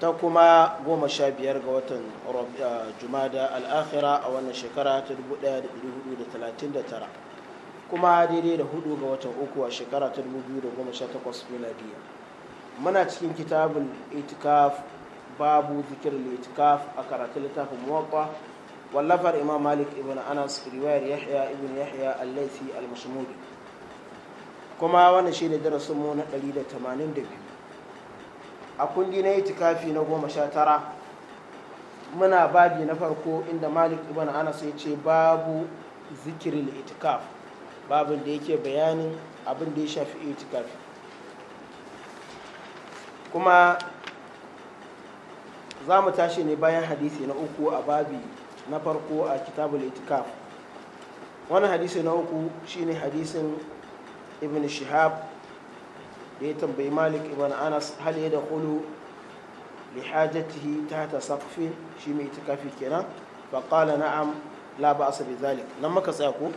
ta kuma goma sha biyar ga watan eh, jumada al'akhira a wannan shekara ta 1439 kuma daidai da hudu ga watan uku a shekara ta 2018 miladiya muna cikin kitabun itikaf babu zikir itikaf a karatun littafin muwaffa wallafar imam malik ibn anas riwayar yahya ibn yahya al-laifi al-mashmudi kuma wannan shine darasin mu na 182 a kundi na itikafi na goma sha tara muna babi na farko inda malik ibn anas ya ce babu zikirin itikaf babin da yake bayanin abin da ya shafi itikafi kuma za mu tashi ne bayan hadisi na uku a babi na farko a kitabul itikaf wani hadisi na uku shine hadisin ibn shihab da ya tambayi malik ibn anas hal ya da hulu li hajatihi ta ta sakfin shi mai kafi kenan ba qala na'am la ba'sa bi zalik nan maka tsaya ko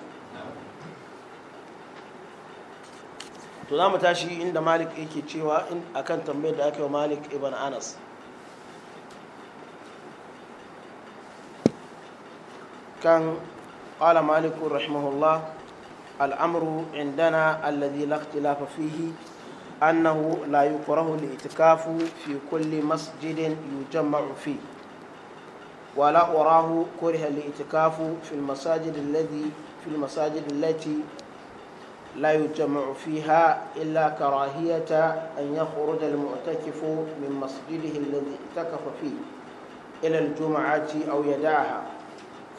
to za mu tashi inda malik yake cewa akan tambayar da aka yi malik ibn anas كان قال مالك رحمه الله الأمر عندنا الذي لا اختلاف فيه أنه لا يكره الاعتكاف في كل مسجد يجمع فيه ولا أراه كره الاعتكاف في المساجد الذي في المساجد التي لا يجمع فيها إلا كراهية أن يخرج المعتكف من مسجده الذي اعتكف فيه إلى الجمعة أو يدعها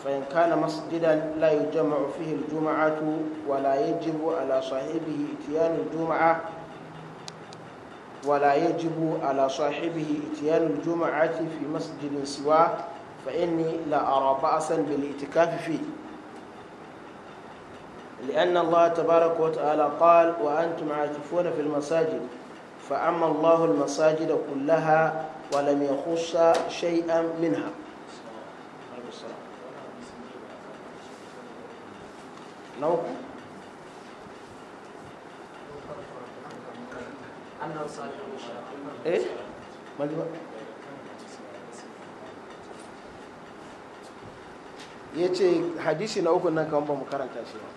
فإن كان مسجدا لا يجمع فيه الجمعة ولا يجب على صاحبه إتيان الجمعة ولا يجب على صاحبه اتيان الجمعة في مسجد سواه فإني لا أرى بأسا بالاعتكاف فيه لأن الله تبارك وتعالى قال وأنتم عاكفون في المساجد فأما الله المساجد كلها ولم يخص شيئا منها نوكم eh ya ce hadisi na uku nan kawon ba mu karanta shi ba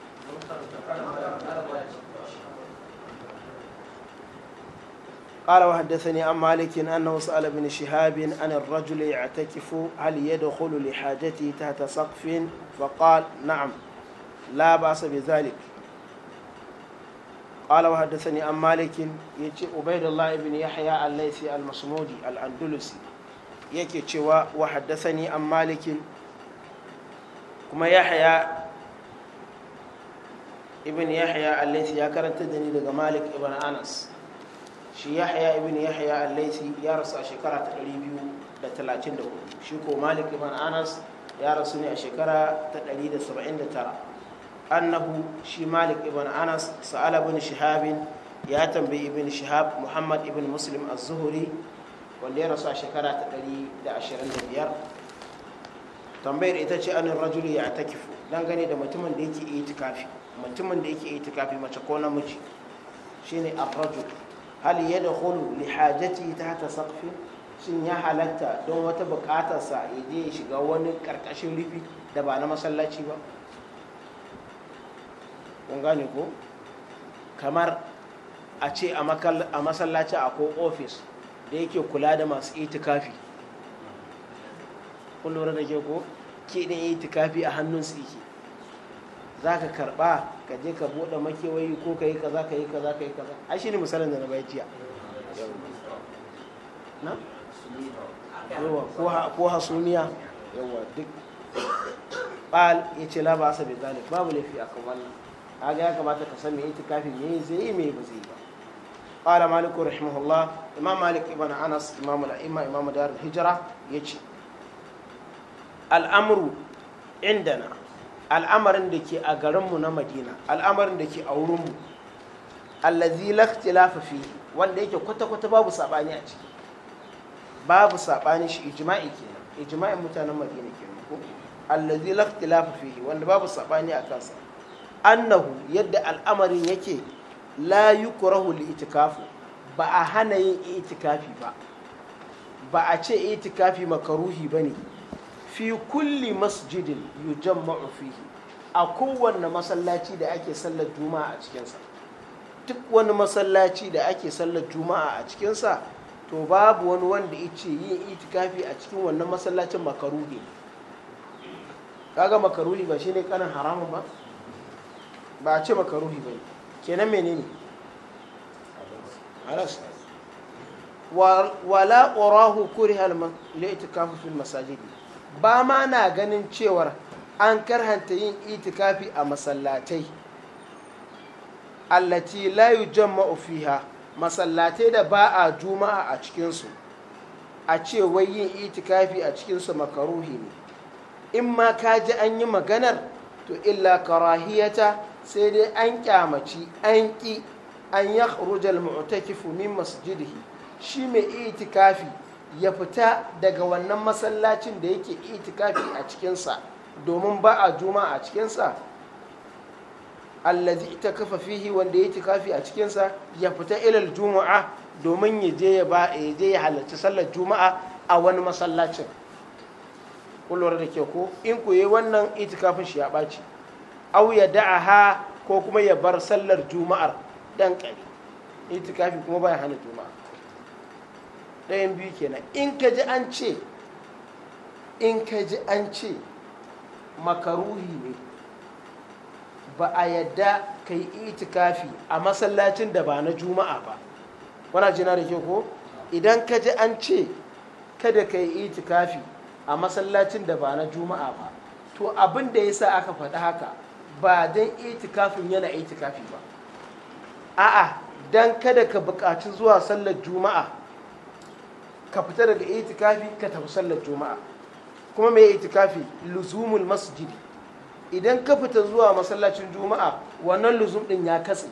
قال وحدثني عن مالك انه سال ابن شهاب عن الرجل يعتكف هل يدخل لحاجته تحت سقف فقال نعم لا باس بذلك قال وحدثني عن مالك يجي عبيد الله بن يحيى الليثي المصمودي الاندلسي يكي تشوا وحدثني عن مالك كما يحيى ابن يحيى الليثي يا كرنت دني دغ مالك ابن انس شي يحيى ابن يحيى al يا ya rasu 234 شي كو مالك ابن انس يا rasu ne 179 annahu shi malik ibn anas sa'ala ibn shihabin ya tambayi ibn shihab muhammad ibn muslim az-zuhri wanda ya rasu a shekara ta 125 tambayar ita ce anin rajulu ya takifu dangane da mutumin da yake itikafi mutumin da yake itikafi mace ko namiji shine ar-rajul hal yadkhulu li hajati tahta saqfin shin ya halatta don wata bukatarsa ya je ya shiga wani karkashin rufi da ba na masallaci ba kun gani ko kamar a ce a masallaci a ko ofis da yake kula da masu itikafi kun lura da ke ko ke ɗin itikafi a hannun su yake za ka karba ka je ka buɗe makewayi ko ka yi kaza ka yi kaza ka yi kaza a shi ne misalin da na bai jiya na? yawa ko hasumiya yawa duk ɓal ya ce la ba dalib bai babu laifi a kan wannan kaga ya kamata ka san me itikafi me zai yi me ba zai ba qala malik rahimahullah imam malik ibn anas imam al-a'imma imam dar al-hijra yace al'amru indana al'amarin da ke a garinmu na madina al'amarin da ke a wurinmu allazi la ikhtilafa fihi wanda yake kwata-kwata babu sabani a ciki babu sabani shi ijma'i kenan ijma'in mutanen madina kenan ko allazi la ikhtilafa wanda babu sabani a kansa annahu yadda al'amarin yake la yukrahu li itikafu ba a hana yin itikafi ba ba a ce itikafi makaruhi ba ne fi kulli masjidin yujamma'u fihi a kowane masallaci da ake sallar juma'a a cikinsa duk wani masallaci da ake sallar juma'a a cikinsa to babu wani wanda ya ce yin itikafi a cikin wannan masallacin makaruhi kaga makaruhi ba ne kanin haramun ba ba a ce ruhi ba kenan menene halas wala kuri halman li'tikafi fil masajidi ba ma na ganin cewar an karhanta yin itikafi a masallatai allati la jan fiha masallatai da ba a juma'a a cikinsu a ce wai yin itikafi a cikinsu makaruhi ne in ma ka ji an yi maganar to illa karahiyata sai dai an kyamaci an ƙi an ya rujal mu'takifu min masjidihi shi mai itikafi ya fita daga wannan masallacin da yake itikafi a cikinsa domin ba a juma a cikinsa allazi ita kafa fihi wanda ya itikafi a cikinsa ya fita ilal juma'a domin ya je ya ba ya je ya halarci sallar juma'a a wani masallacin kullum da ke ko in ku yi wannan itikafin shi ya ɓaci au ya ha ko kuma ya bar sallar juma'ar dan kare itikafi kuma baya hana juma'a ɗayan biyu kenan in ka ji an ce in ka ji an ce makaruhi ne ba a yadda ka yi itikafi a masallacin da ba na juma'a ba wana jina da ke ko idan ka ji an ce kada ka yi itikafi a masallacin da ba na juma'a ba to abin da ya sa aka faɗi haka ba don itikafin yana itikafi ba a'a don kada ka bukaci zuwa sallar juma'a ka fita daga itikafi ka tafi sallar juma'a kuma mai itikafi luzumul masjid idan ka fita zuwa masallacin juma'a wannan luzum din ya katse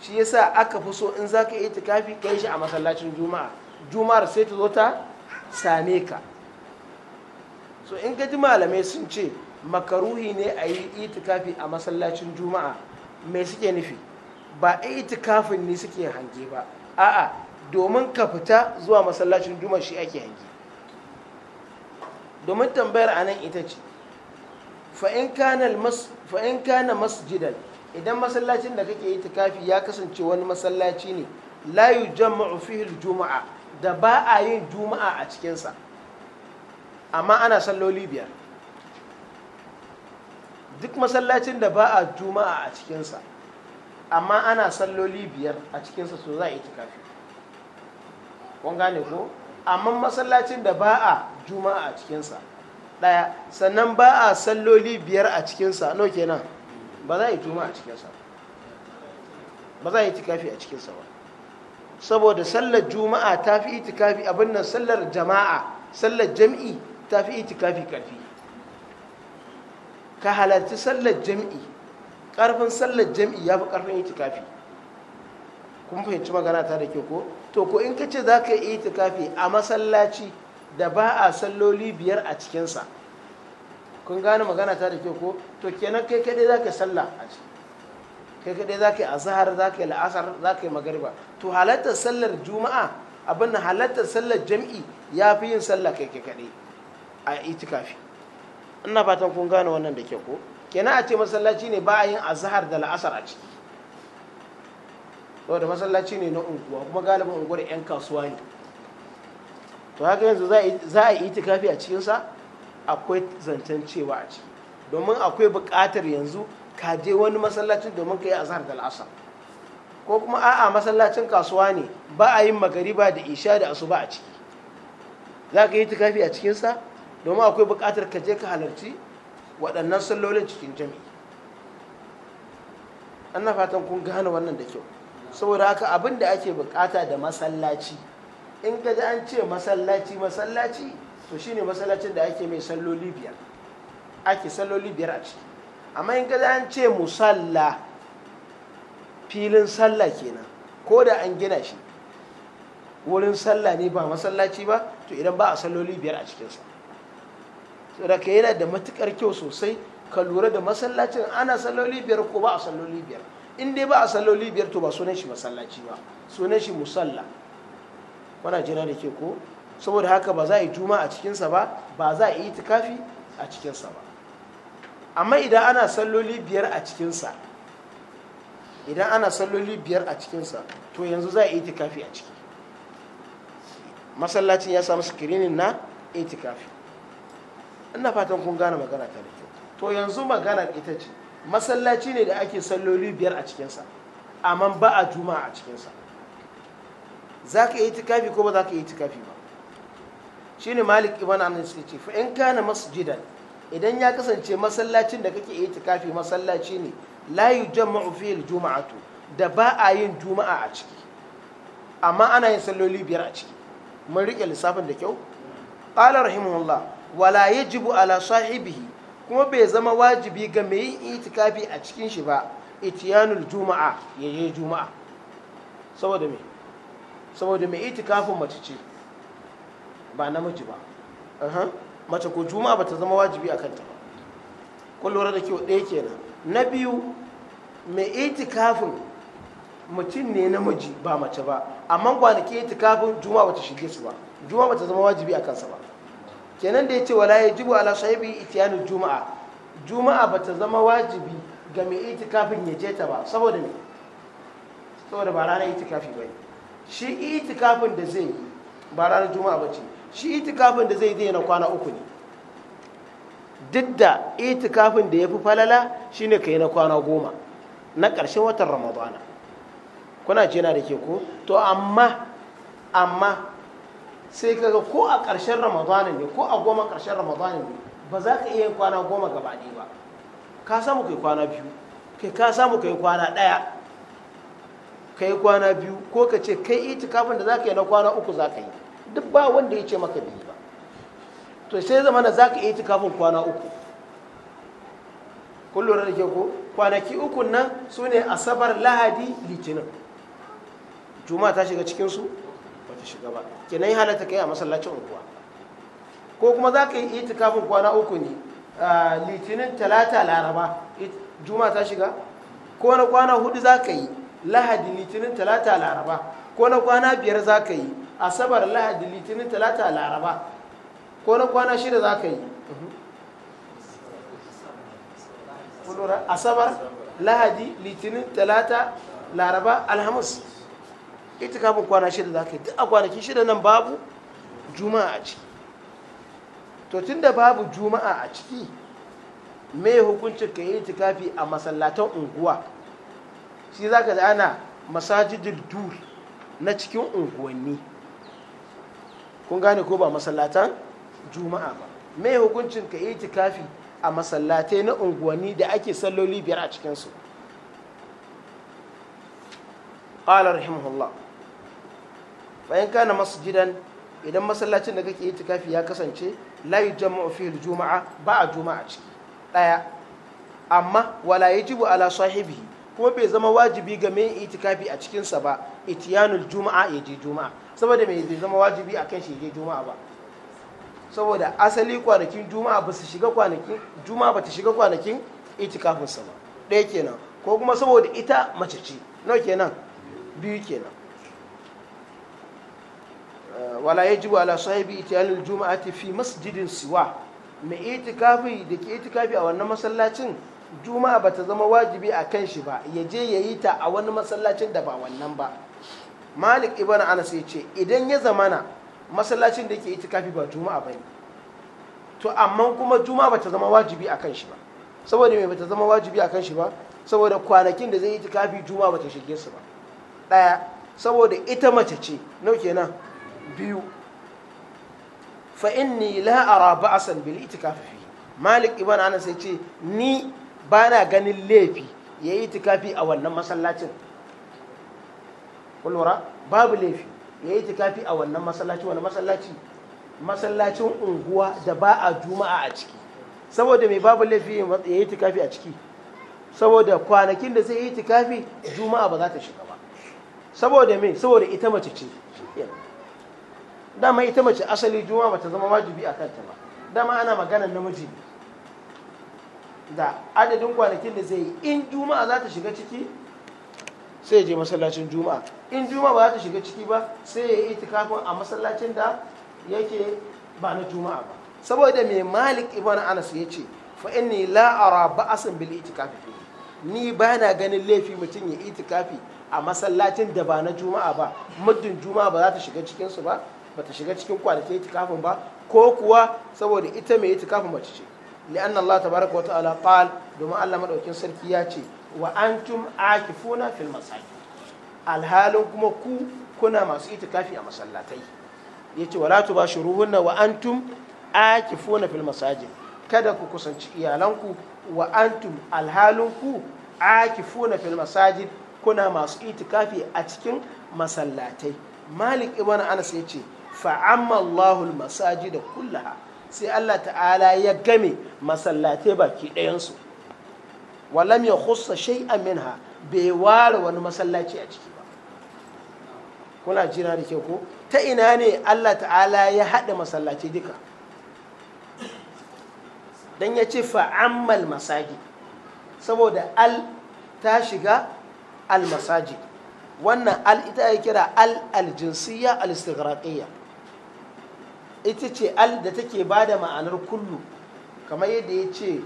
shi yasa aka fi so in za ka itikafi ka yi shi a masallacin juma'a juma'ar sai ta zo ta same ka so in gaji malamai sun ce makaruhi ne a yi itikafi a masallacin juma'a mai suke nufi ba itikafin ne suke hange ba a'a domin ka fita zuwa masallacin juma'a shi ake hange domin tambayar a nan ita ce fa'in kana masjidan idan masallacin da kake yi itikafi ya kasance wani masallaci ne layu jama'u fihil juma'a da ba a yin juma'a a cikinsa amma ana salloli biyar duk masallacin da ba a juma'a a cikinsa amma ana salloli biyar a cikinsa so za a yi tikafi kun gane ko amma masallacin da ba a juma'a a cikinsa ɗaya sannan ba a salloli biyar a cikinsa no kenan ba za a yi juma'a a cikinsa ba za a yi tikafi a cikinsa ba saboda sallar juma'a ta fi itikafi abin nan sallar jama'a sallar jam'i ta fi itikafi karfi ka halarci sallar jam'i ƙarfin sallar jam'i ya fi ƙarfin itikafi kun fahimci magana ta da ke ko to ko in ka ce za ka yi itikafi a masallaci da ba a salloli biyar a cikinsa kun gane magana ta da ke ko to kenan kai kaɗai za ka sallah a ciki kai kaɗai za ka yi azahar za ka yi la'asar za ka yi magariba to halartar sallar juma'a abin halartar sallar jam'i ya fi yin sallah kai kaɗai a itikafi ina fatan kun gane wannan da ke ko kenan a ce masallaci ne ba a yin azhar da la'asar a ciki saboda masallaci ne na unguwa kuma galibin unguwar 'yan kasuwa ne to haka yanzu za a yi itikafi a cikinsa akwai zancen cewa a ciki domin akwai buƙatar yanzu ka je wani masallacin domin ka yi azhar da la'asar ko kuma a'a masallacin kasuwa ne ba a yin magariba da isha da asuba a ciki za ka yi itikafi a cikinsa domin akwai bukatar ka je ka halarci waɗannan sallolin cikin jami'i ana fatan kun gane wannan da kyau saboda haka abin da ake bukata da masallaci in ka ji an ce masallaci masallaci to shine masallacin da ake mai salloli biyar ake salloli biyar a ciki amma in ka ji an ce musalla filin sallah kenan ko da an gina shi wurin sallah ne ba masallaci ba to idan ba a salloli biyar a cikinsa raka yana da matukar kyau sosai ka lura da masallacin ana salloli biyar ko ba a salloli biyar in dai ba a salloli biyar to ba sunan shi masallaci ba sunan shi musalla wana jira da ke ko saboda haka ba za a yi juma a cikinsa ba ba za a yi tukafi a cikinsa ba amma idan ana salloli biyar a cikinsa idan ana salloli biyar a cikinsa to yanzu za a yi tukafi a ciki masallacin ya samu sikirinin na itikafi ina fatan kun gane magana ta da kyau to yanzu magana ita ce masallaci ne da ake salloli biyar a cikinsa amma ba a juma'a a cikinsa za ka yi tikafi ko ba za ka yi tikafi ba shi ne malik ibn anas ya ce fa in kana masjidan idan ya kasance masallacin da kake yi tikafi masallaci ne la yujma'u fihi juma'atu da ba a yin juma'a a ciki amma ana yin salloli biyar a ciki mun rike lissafin da kyau qala rahimahullah wala yajibu ala sahibihi kuma bai zama wajibi ga mai yin itikafi a cikin shi ba itiyanul juma'a ya yi juma'a saboda me saboda mai itikafin mace ce ba namiji ba mace ko juma'a ba ta zama wajibi a kanta ba kun lura da kyau ɗaya kenan na biyu mai itikafin mutum ne namiji ba mace ba amma kwanaki itikafin juma'a ba ta shige su ba juma'a ba ta zama wajibi a kansa ba kenan da ya ce wala ya jibu ala sahibi itiyanu juma'a juma'a ba ta zama wajibi ga mai itikafin ya je ta ba saboda ne, saboda ba ranar itikafi ba shi itikafin da zai yi ba ranar juma'a ba ce shi itikafin da zai yi na kwana uku ne duk da itikafin da ya fi falala shine ka yi na kwana goma na ƙarshen watan ramadana kuna ce na da ke ko to amma amma sai kaga ko a ƙarshen ramadanin ne ko a goma ƙarshen ramadanin ne ba za ka iya kwana goma gaba ɗaya ba ka samu kai kwana biyu kai ka samu kai kwana ɗaya kai kwana biyu ko ka ce kai kafin da za ka yi na kwana uku za ka yi duk ba wanda ya ce maka biyu ba to sai zama na za ka iti kafin kwana uku kullum da ke ko kwanaki uku nan su ne asabar lahadi litinin Juma ta shiga cikinsu shiga ba kenan ya halatta kai a masallacin unguwa ko kuma za ka yi itikafin kwana uku ne litinin talata laraba juma ta shiga ko na kwana hudu za ka yi lahadi litinin talata laraba ko na kwana biyar za ka yi asabar lahadi litinin talata laraba ko na kwana shida za ka yi asabar lahadi litinin talata laraba alhamis itikafin kwana shida za ka yi duk a kwanaki shida nan babu juma'a a ciki to tun da babu juma'a a ciki me hukuncin ka yi itikafi a masallatan unguwa shi za ka ana masajidul dur na cikin unguwanni kun gane ko ba masallatan juma'a ba me hukuncin ka yi itikafi a masallatai na unguwanni da ake salloli biyar a cikinsu قال رحمه الله bayan kana masjidan idan masallacin da kake itikafi ya kasance la yujma'u fihi juma'a ba a juma'a ciki daya amma wala yajibu ala sahibihi kuma bai zama wajibi ga mai itikafi a cikin sa ba itiyanul juma'a ya je juma'a saboda mai zai zama wajibi akan shi je juma'a ba saboda asali kwanakin juma'a ba su shiga kwanakin juma'a ba ta shiga kwanakin itikafin sa ba ɗaya kenan ko kuma saboda ita mace ce nawa kenan biyu kenan wala wala ya bi ita sahibi juma'a ta fi masjidin siwa mai itikafi da ke itikafi a wannan masallacin juma'a bata zama wajibi a kan shi ba ya je ya yi ta a wani masallacin da ba wannan ba malik ibn anas ya ce idan ya zamana masallacin da ke itikafi ba juma'a ba to amma kuma juma'a bata zama wajibi a kan shi ba saboda mai bata zama wajibi a kan shi ba saboda kwanakin da zai yi itikafi juma'a bata shige su ba ɗaya saboda ita mace ce nau kenan biyu fa inni la ara ba'san bil itikafi fi malik ibn anas sai ce ni bana ganin laifi yayi itikafi a wannan masallacin kullura babu laifi yayi itikafi a wannan masallaci wannan masallaci masallacin unguwa da ba a juma'a a ciki saboda mai babu laifi yayi itikafi a ciki saboda kwanakin da zai yi itikafi juma'a ba za ta shiga ba saboda me saboda ita mace ce dama ita mace asali juma'a bata zama wajibi a kanta ba dama ana maganar namiji ne da adadin kwanakin da zai yi in juma'a za ta shiga ciki sai je masallacin juma'a in juma'a ba za ta shiga ciki ba sai ya yi itikafin a masallacin da yake ba na juma'a ba saboda mai malik ibn anas ya ce fa inni la ara ba'asan bil itikafi ni ba na ganin laifi mutum ya itikafi a masallacin da ba na juma'a ba muddin juma'a ba za ta shiga cikinsu ba bata shiga cikin kwanaki itikafin ba ko kuwa saboda ita mai itikafin mace ce li'anna Allah tabaraka wa qal domin Allah madaukin sarki ya ce wa antum akifuna fil masajid alhalin kuma ku kuna masu itikafi a masallatai yace wala tubashiruhunna wa antum akifuna fil masajid kada ku kusanci iyalanku wa antum alhalin ku akifuna fil masajid kuna masu itikafi a cikin masallatai malik ibn anas yace ce fa'amma Allahul masaji da kullaha sai Allah ta'ala ya game masallatai baki ɗayansu walam ya hussa shai minha bai ware wani masallaci a ciki ba kuna jira da ke ko ta ina ne Allah ta'ala ya haɗa masallaci duka don ya ce fa'ammal masaji saboda al ta shiga al masaji wannan al ita ya kira al aljinsiyya al istighraqiyya ita ce al da take ba da ma'anar kullu kamar yadda ya ce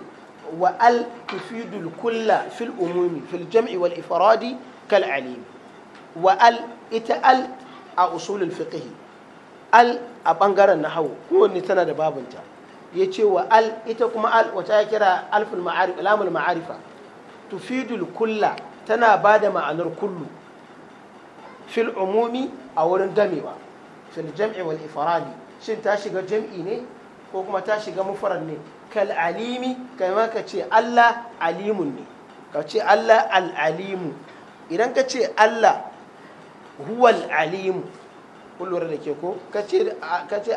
wa al tufidul kulla fil umumi fil jam'i wal ifradi kal alim wa al ita al a usulul fiqh al a bangaren nahawu kowanne tana da babunta ya ce wa al ita kuma al wata ya kira alful ma'arif alamul ma'arifa tufidul kulla tana ba da ma'anar kullu fil umumi a wurin damewa fil jam'i wal ifradi shin ta shiga jam'i ne ko kuma ta shiga mufarar ne kal alimi kai ma ka ce Allah alimun ne ka ce Allah al alimu idan ka ce Allah huwal alimu kullum da ke ko ka ce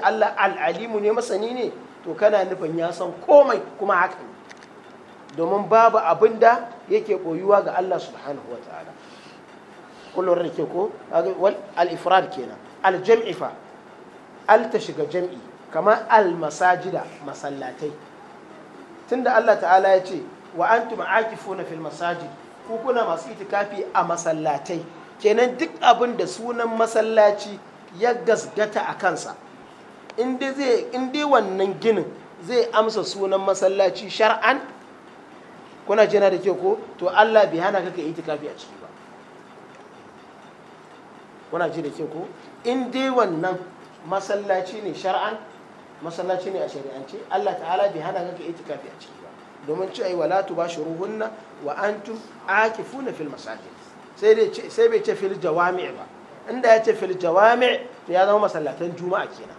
Allah al alimu ne masani ne to kana nufin ya san komai kuma haka ne domin babu abin da yake koyuwa ga Allah subhanahu wa ta'ala kullum da ke ko al-ifrad kenan al-jam'ifa al ta shiga jam'i kamar al masajida masallatai tunda Allah ta'ala ya ce wa antum aqifuna fil masajid ku kuna masu itikafi a masallatai kenan duk abin da sunan masallaci ya gasgata a kansa in dai wannan ginin zai amsa sunan masallaci shar'an kuna jina da ke ko to Allah bai hana kaka itikafi a ciki ba kuna ji da ke ko in dai wannan masallaci ne shar'an masallaci ne a shari'ance Allah ta'ala bai hana kanka itikafi a ciki ba domin cewa ai wala tubashiruhunna wa antum akifuna fil masajid sai dai sai bai ce fil jawami' ba inda ya ce fil jawami' to ya zama masallatan juma'a kenan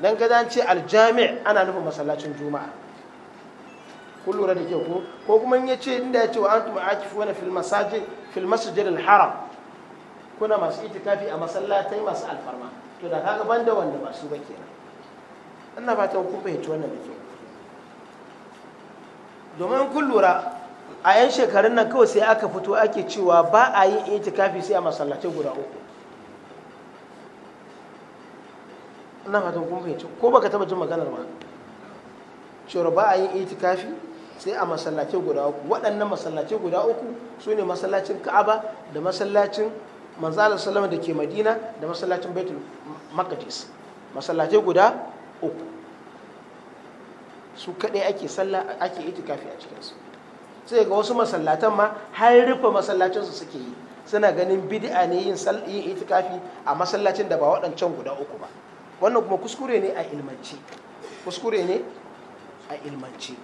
dan ka zan ce aljami' ana nufin masallacin juma'a kun lura da kyau ko ko kuma in ya ce inda ya ce wa antum akifuna fil masajid fil masjidil haram kuna masu itikafi a masallatai masu alfarma to da kaga banda wanda ba su ba kenan Allah ba ta kun fahimci wannan da kyau domin kun lura a yan shekarun nan kawai sai aka fito ake cewa ba a yi itikafi sai a masallatai guda uku ina fatan kun fahimci ko baka taba jin maganar ba cewar ba a yi itikafi sai a masallatai guda uku waɗannan masallatai guda uku su ne masallacin ka'aba da masallacin manzo salama da ke Madina da masallacin Baitul Maqdis masallacin guda uku su kadai ake salla ake itikafi a cikin su sai ga wasu masallatan ma har rufe masallacin su suke yi suna ganin bid'a ne yin yin itikafi a masallacin da ba waɗancan guda uku ba wannan kuma kuskure ne a ilmanci kuskure ne a ilmanci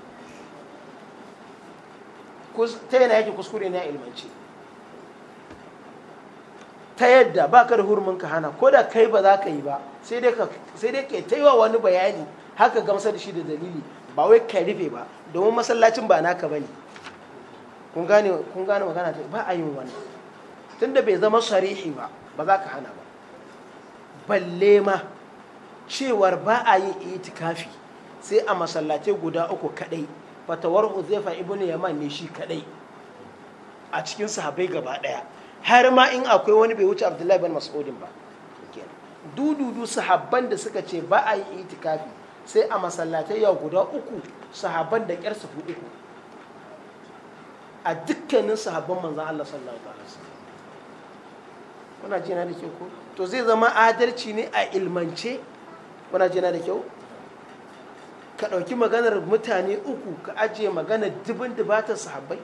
ta yana yake kuskure ne a ilmanci ta yadda ba ka da hurumin ka hana ko da kai ba za ka yi ba sai dai ka ta yi wa wani bayani haka gamsar da shi da dalili ba wai ka rufe ba domin masallacin ba naka ba ne kun gane magana ta ba a yin wani tunda bai zama sharihi ba ba za ka hana ba balle ma cewar ba a yin itikafi sai a masallace guda uku kadai fatawar uzefa ibn yaman ne shi kadai a cikin sahabai gaba daya har ma in akwai wani bai wuce abdullahi bin mas'udin ba dududu sahabban da suka ce ba a yi itikafi sai a masallatai yau guda uku sahabban da kyar su ku. a dukkanin sahabban manzan Allah sallallahu alaihi wasallam kuna jina da kyau ko to zai zama adalci ne a ilmance kuna jina da kyau ka ɗauki maganar mutane uku ka ajiye maganar dubin dubatar sahabbai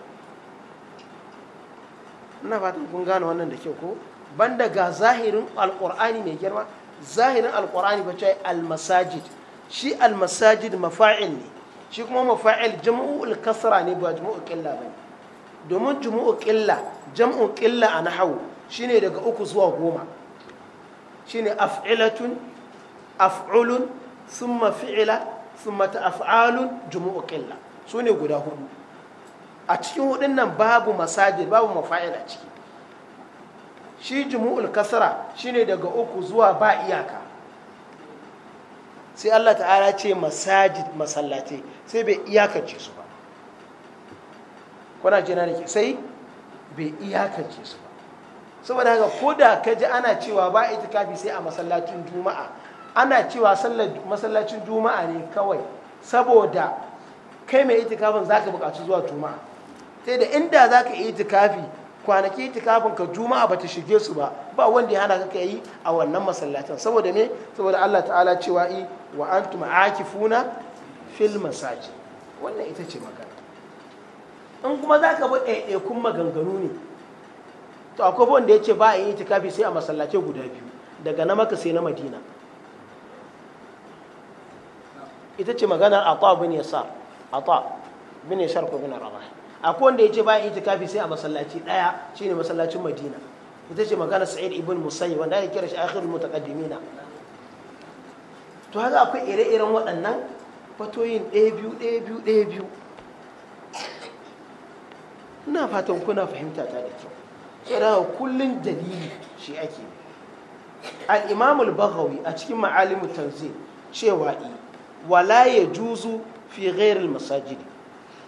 ina fatan kun gane wannan da kyau ko banda zahirin Alƙur'ani mai girma zahirin Alƙur'ani ba almasajid shi almasajid mafa'il ne shi kuma mafa'il jam'ul kasra ne ba jam'u ƙilla bane domin jam'u ƙilla jam'u qilla a nahwu shine daga uku zuwa goma shine af'ilatun af'ulun thumma fi'ila thumma ta'af'alun jam'u su sune guda hudu a cikin hudun nan babu masajid babu mafa'il a ciki shi jumu'ul kasara shine daga uku zuwa ba iyaka sai Allah ta'ala ce masajid masallatai sai bai iyakance su ba kuna jina da sai bai iyakance su ba saboda haka ko da ka ji ana cewa ba itikafi sai a masallacin juma'a ana cewa masallacin juma'a ne kawai saboda kai mai itikafin za ka buƙaci zuwa juma'a sai da inda za ka yi tikafi kwanaki tikafin ka juma'a ba ta shige su ba ba wanda ya hana ka yi a wannan masallatan saboda ne saboda Allah ta'ala cewa i wa antum funa fil masaji wannan ita ce magana in kuma za ka bi ɗaiɗaikun maganganu ne to akwai wanda ya ce ba a yi tikafi sai a masallace guda biyu daga na maka sai na madina ita ce magana a ata bin a ata bin yasar ko bin rabah akwai wanda ya ce ba itikafi sai a masallaci ɗaya shine masallacin madina ita ce magana sa'id ibn musayi wanda ake kira shi akhirul mutaqaddimina to haka akwai ire-iren waɗannan fatoyin ɗaya biyu ɗaya biyu ɗaya biyu ina fatan kuna fahimta ta da kyau tsirawa kullun dalili shi ake imamul baghawi a cikin ma'alimu tanzil cewa i wala ya juzu fi ghairil masajidi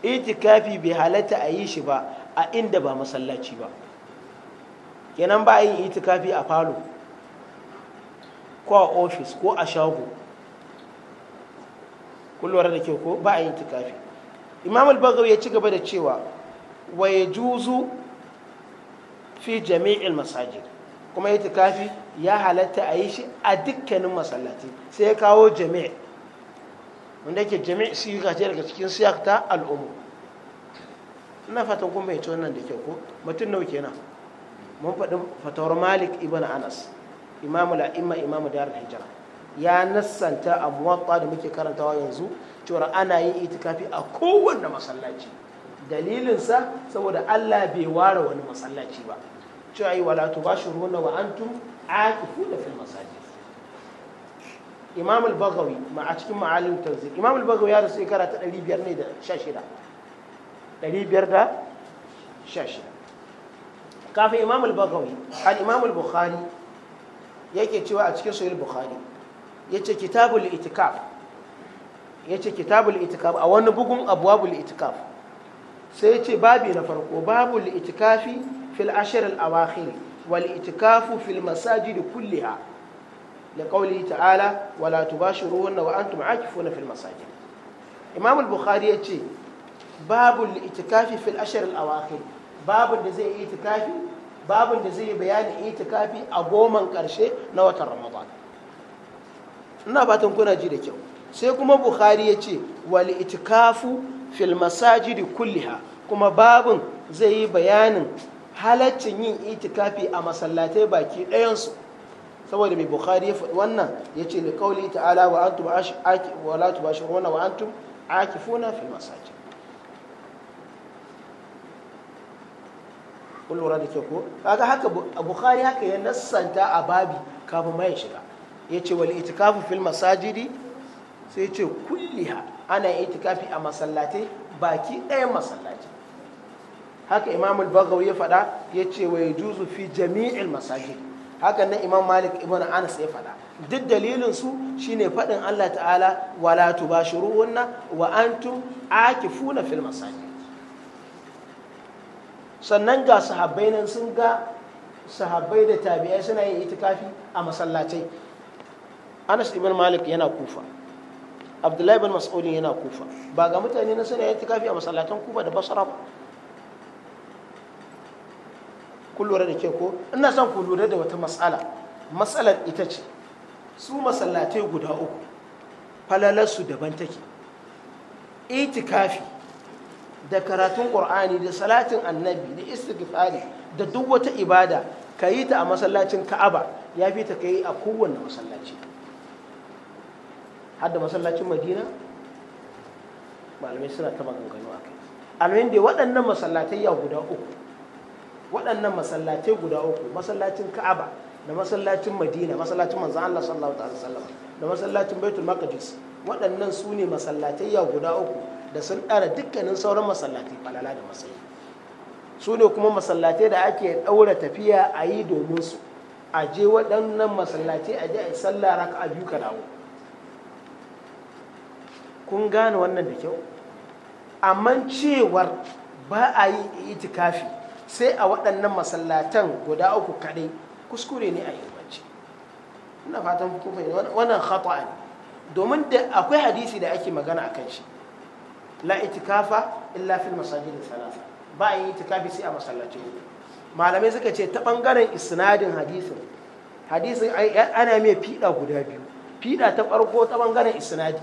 itikafi bai halatta a yi shi ba a inda ba masallaci ba kenan ba a yin itikafi a falo ko a ofis ko a shago kullum da kyau ko ba a yin itikafi imam al-bagawi ya ci gaba da cewa wa ya juzu fi jami'il masajid kuma itikafi ya halatta a yi shi a dukkanin masallaci sai ya kawo jami'a. wanda yake jami' siga ce daga cikin siyak ta al'umu ina fatan kun bai wannan da kyau ko mutum nawa kenan mun faɗi fatawar malik ibn anas imamu la'imma imamu darul hijira ya nassanta a muwatta da muke karantawa yanzu cewa ana yin itikafi a kowanne masallaci dalilinsa saboda allah bai ware wani masallaci ba cewa yi wala tubashiruna wa antum aqifuna fil masajid imam al-bagawi ma a cikin ma'alim tanzi imam al-bagawi ya rasu shekara ta 500 ne da 16 500 kafin imam al-bagawi al-imam al-bukhari yake cewa a cikin sahih bukhari yace kitabul itikaf yace kitabul itikaf a wani bugun abwabul itikaf sai yace babi na farko babul itikafi fil ashr al-awakhir wal itikafu fil masajid kulliha لقوله تعالى ولا تباشروهن وأنتم عاكفون في المساجد إمام البخاري يتي باب الاعتكاف في الأشهر الأواخر باب الذي اعتكاف باب الذي بيان اعتكاف أبو من كرشي نوة رمضان ina fatan kuna ji da kyau sai kuma bukhari ya ce wal itikafu fil masajidi kulliha kuma babun zai yi bayanin halaccin yin itikafi a masallatai baki ɗayansu saboda mai bukhari ya faɗi wannan ya ce liƙauli ta'ala wa antum aki wa la tubashiruna wa antum akifuna fil masajid kun lura da ke ko kaga haka bukhari haka ya nassanta a babi kafin ma ya shiga ya ce wal itikafu fil masajidi sai ce kulliha ana itikafi a masallatai baki ɗayan masallaci haka imamul bagawi ya faɗa ya ce wa yajuzu fi jami'il masajidi hakan nan imam malik ibn anas ya faɗa duk dalilin su shine faɗin allah ta'ala wala tubashiruhunna wa an ake funa fil masajid sannan ga sahabbai nan sun ga sahabbai da tabi'ai suna yin itikafi a masallacai anas ibn malik yana kufa abdullahi ibn mas'udin yana kufa ba ga mutane na suna yin itikafi a masallatan kufa da basra ba kun lura da ke ko ina son ku lura da wata matsala matsalar ita ce su masallatai guda uku falalarsu daban take itikafi da karatun ƙur'ani da salatin annabi da istighfari da duk wata ibada ka yi ta a masallacin ka'aba ya fi ta kai a kowanne masallaci hadda masallacin madina malamai suna ta maganganu a kai alwayin da waɗannan masallatai ya guda uku waɗannan masallatai guda uku masallacin ka'aba da masallacin madina masallacin manzan allah sallallahu alaihi wasallam da masallacin baitul maqdis waɗannan su ne masallatai ya guda uku da sun ɗara dukkanin sauran masallatai falala da masallatai su ne kuma masallatai da ake ɗaura tafiya a yi domin su a je waɗannan masallatai a je a yi sallah raka a biyu ka dawo kun gane wannan da kyau amma cewar ba a yi itikafi sai a waɗannan masallatan guda uku kaɗai kuskure ne a ilmanci ina fatan kufai wannan khata'a ne domin da akwai hadisi da ake magana akan shi la itikafa illa fil masajid salasa ba a yi itikafi sai a masallaci malamai suka ce ta bangaren isnadin hadisin hadisin ana mai fiɗa guda biyu fiɗa ta farko ta bangaren isnadi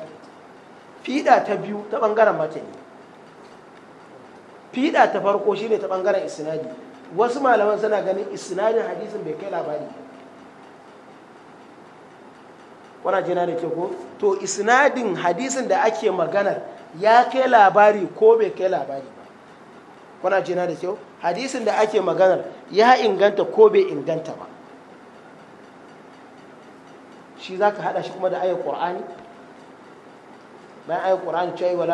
fiɗa ta biyu ta bangaren matani fiɗa ta farko shine ta ɓangaren isnadi wasu malaman suna ganin isnadin hadisin bai kai labari wana jina da ke ko to isnadin hadisin da ake maganar ya kai labari ko bai kai labari ba wana jina da kyau hadisin da ake maganar ya inganta ko bai inganta ba shi za ka haɗa shi kuma da ayar ƙur'ani bayan ayar ƙur'ani cewa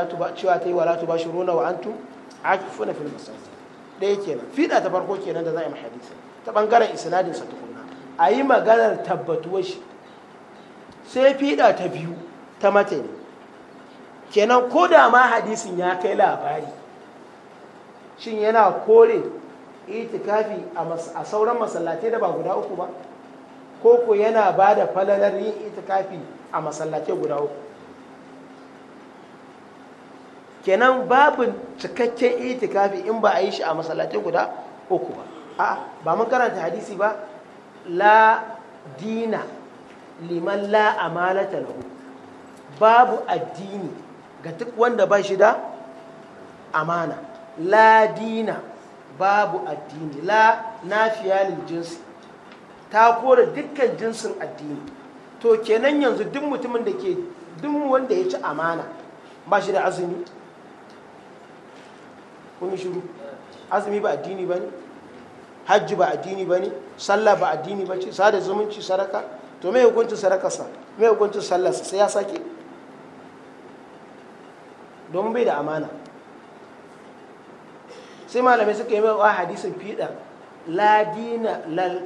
ta yi wa latu ba shi runa wa antu akifuna fil masajid ɗaya kenan fiɗa ta farko kenan da za a yi mahadisi ta ɓangaren isnadinsa tukunna a yi maganar tabbatuwar shi sai fiɗa ta biyu ta matani kenan ko da ma hadisin ya kai labari shin yana kore itikafi a sauran masallatai da ba guda uku ba ko ko yana ba da falalar yin itikafi a masallatai guda uku kenan babu cikakken itikafi in ba a yi shi a masallatai guda uku ba a ba mun karanta hadisi ba la dina liman la amalata lahu babu addini ga duk wanda ba shi da amana la dina babu addini la nafiya lil jinsi ta kore dukkan jinsin addini to kenan yanzu duk mutumin da ke duk wanda ya ci amana ba shi da azumi kun shiru azumi ba addini ba ne hajji ba addini ba ne sallah ba addini ba ce sada zumunci saraka to mai hukuncin sarakarsa mai hukuncin sallarsa sai ya sake domin bai da amana sai malamai suka yi mawa hadisin fiɗa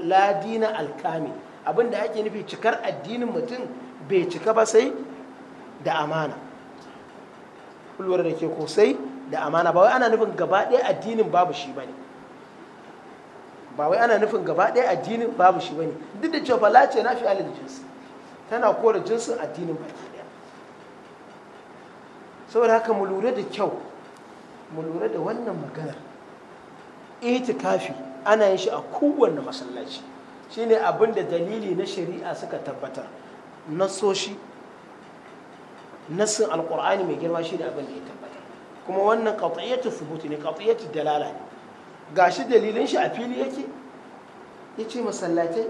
ladina alkami abinda ake nufi cikar addinin mutum bai cika ba sai da amana kulwar da ke ko sai da amana ba wai ana nufin gaba ɗaya addinin babu shi bane ba wai ana nufin gaba ɗaya addinin babu shi bane duk da cewa la ce na fi alil jinsi tana kore jinsin addinin baki ɗaya saboda haka mu lura da kyau mu lura da wannan maganar itikafi ana yin shi a kowanne masallaci shine abin da dalili na shari'a suka tabbatar nasoshi nassin alkur'ani mai girma shine abin da ya kuma wannan qat'iyatu thubut ne qat'iyatu dalala ne ga shi dalilin shi a fili yake ce masallatai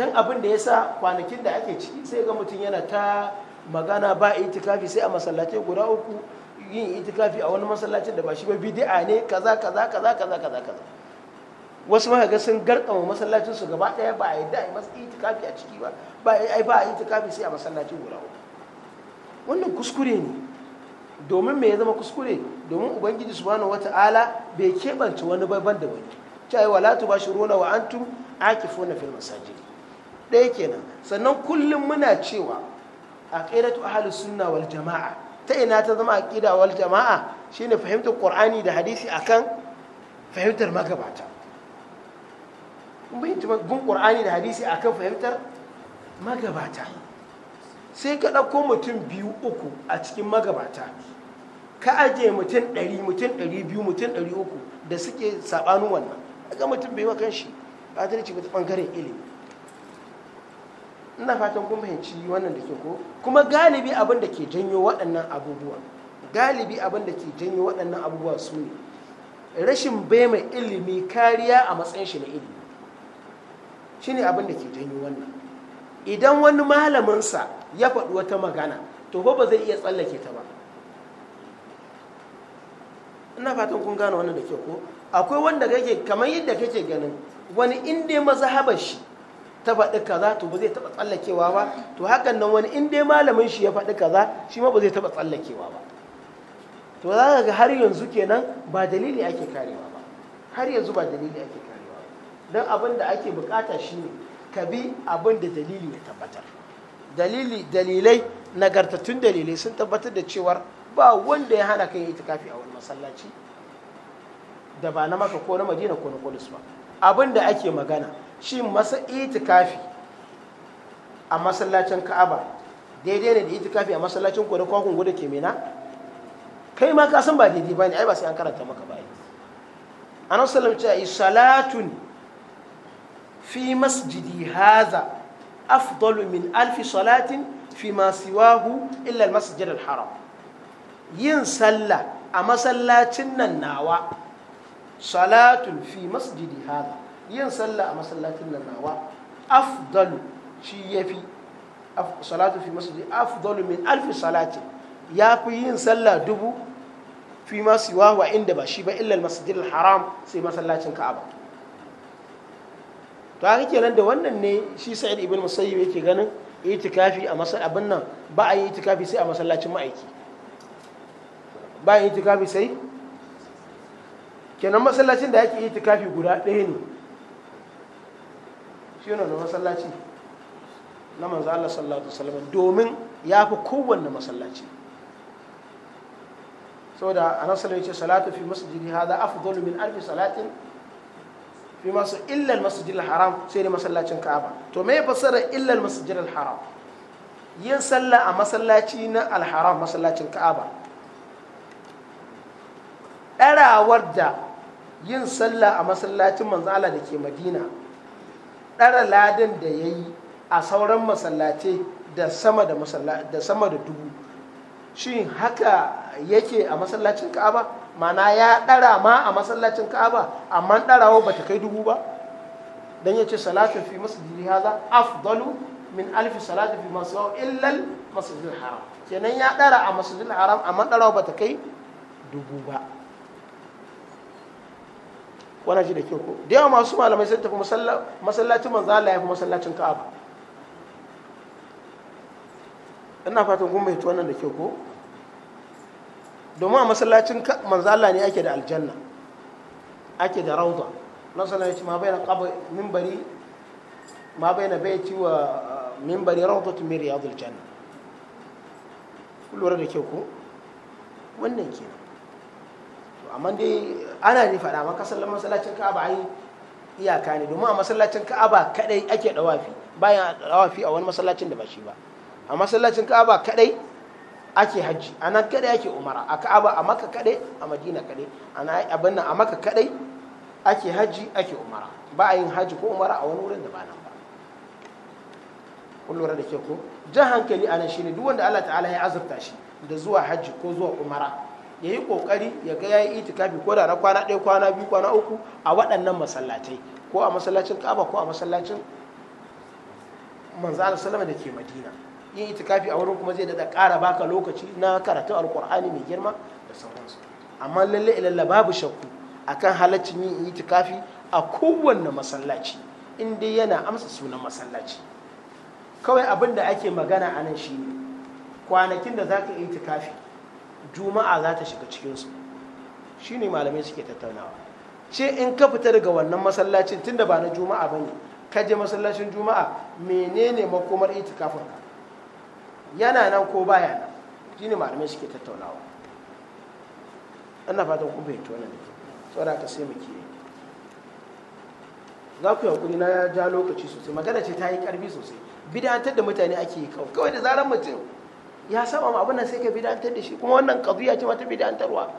don abin da ya sa kwanakin da ake ciki sai ga mutum yana ta magana ba itikafi sai a masallatai guda uku yin itikafi a wani masallacin da ba shi ba bidi'a ne kaza kaza kaza kaza kaza kaza wasu ma sun garkama masallacin su gaba daya ba a yi da masu itikafi a ciki ba ba a yi ba a itikafi sai a masallacin guda uku wannan kuskure ne domin me ya zama kuskure domin ubangiji subhanahu ala bai keɓance wani babban da wani cewa wala tubashiruna wa antum akifuna fil masajid ɗaya kenan sannan kullum muna cewa aqidatu ahlus sunna wal jama'a ta ina ta zama aqida wal jama'a shine fahimtar qur'ani da hadisi akan fahimtar magabata fahimtar magabata sai ka ɗauko mutum biyu uku a cikin magabata ka aje mutum ɗari mutum ɗari biyu mutum ɗari uku da suke saɓanin wannan ga mutum bai wa kan shi adalci ba ta ɓangaren ilimi ina fatan kun fahimci wannan da ke ko kuma galibi abin da ke janyo waɗannan abubuwa galibi abin da ke janyo waɗannan abubuwa su ne rashin bai mai ilimi kariya a matsayin shi na ilimi shi ne abin da ke janyo wannan idan wani malaminsa ya faɗi wata magana to ba zai iya tsallake ta ba ina fatan kun gane wannan da ke ko akwai wanda kake kamar yadda kake ganin wani in dai mazhabar shi ta faɗi kaza to ba zai taɓa tsallakewa ba to hakan nan wani in dai malamin shi ya faɗi kaza shi ma ba zai taɓa tsallakewa ba to za ka ga har yanzu kenan ba dalili ake karewa ba har yanzu ba dalili ake karewa don abin da ake bukata shi ne ka bi abin da dalili ya tabbatar dalili dalilai nagartattun dalilai sun tabbatar da cewar ba wanda ya hana kan itikafi a wani masallaci da ba na maka ko na madina ko na kudus ba abin da ake magana shi masa itikafi a masallacin ka'aba daidai ne da itikafi a masallacin ko na kwakwan gudu ke mena kai ma ka san ba daidai ba ne ai ba sai an karanta maka ba nan sallam ce yi salatun fi masjidi haza afdalu min alfi salatin fi ma siwahu illa al-masjid al-haram yin sallah a masallacin nan nawa salatul fi masjidi hada yin sallah a masallacin nan nawa afdal shi ya fi salatu fi masjidi afdal min alf salati ya fi yin sallah dubu fi ma siwa wa inda ba shi ba illal masjidil haram sai masallacin ka'aba to haka kenan da wannan ne shi sa'id ibn musayyib yake ganin itikafi a masallacin abin nan ba a yi itikafi sai a masallacin ma'aiki bayan itikafi sai kenan masallacin da yake itikafi guda ɗaya ne shi ne masallaci na manzo Allah sallallahu alaihi wasallam domin ya fi kowanne masallaci saboda anas sallallahu alaihi salatu fi masjidi hada afdalu min alfi salatin fi masu illal masjidil haram sai da masallacin ka'aba to me fassara illal masjidil haram yin sallah a masallaci na alharam masallacin ka'aba ɗarawar da yin sallah a masallacin manzo Allah da ke madina ɗara ladin da ya yi a sauran masallace da sama da da sama dubu shi haka yake a masallacin ka'aba mana ya ɗara ma a masallacin ka'aba amma ɗarawa ba ta kai dubu ba don ya ce salatin fi masjidi haza afdalu min alfi salatin fi masu illal masjidil haram kenan ya ɗara a masjidil haram amma ɗarawa ba ta kai dubu ba wana ji da kyau ko da yawa masu malamai sun tafi masallacin manzo Allah ya fi masallacin Ka'aba ina fatan kun bayyana wannan da kyau ko domin a masallacin manzo Allah ne ake da aljanna ake da rauda na sallallahu alaihi ma bai bayyana qabr minbari ma bai na bai ci wa minbari rawdatu min riyadil janna kullu da kyau ko wannan kenan amma dai ana ne faɗa ma kasallan masallacin ka'aba ai iyaka ne domin a masallacin ka'aba kadai ake dawafi bayan dawafi a wani masallacin da ba shi ba a masallacin ka'aba kadai ake hajji anan kadai ake umara a ka'aba a maka kadai a madina kadai a abin nan a maka kadai ake hajji ake umara ba a yin hajji ko umara a wani wurin da ba nan ba kun da ke ko jan hankali a shine duk wanda Allah ta'ala ya azurta shi da zuwa hajji ko zuwa umara ya yi kokari ya ga ya yi itikafi ko da na kwana ɗaya kwana biyu kwana uku a waɗannan masallatai ko a masallacin kaba ko a masallacin manzo sallama da ke madina yin itikafi a wurin kuma zai daɗa ƙara baka lokaci na karatun alkur'ani mai girma da sauransu amma lalle ilalla babu shakku akan halaccin yin itikafi a kowanne masallaci in dai yana amsa sunan masallaci kawai abin da ake magana a nan shi ne kwanakin da za ka yi itikafi juma'a za ta shiga cikinsu shi ne malamai suke tattaunawa ce in ka fita daga wannan masallacin tunda ba na juma'a ba ne ka je masallacin juma'a menene makomar kafin ka yana nan ko baya nan shi ne malamai suke tattaunawa ana fatan kuma fahimci wannan da ke saboda ka sai mu za ku yankuri na ja lokaci sosai magana ce ta yi karfi sosai bidantar da mutane ake yi kawai da zarar mutum ya saba ma abin sai ka bid'antar da shi kuma wannan qadiya ce mata bid'antarwa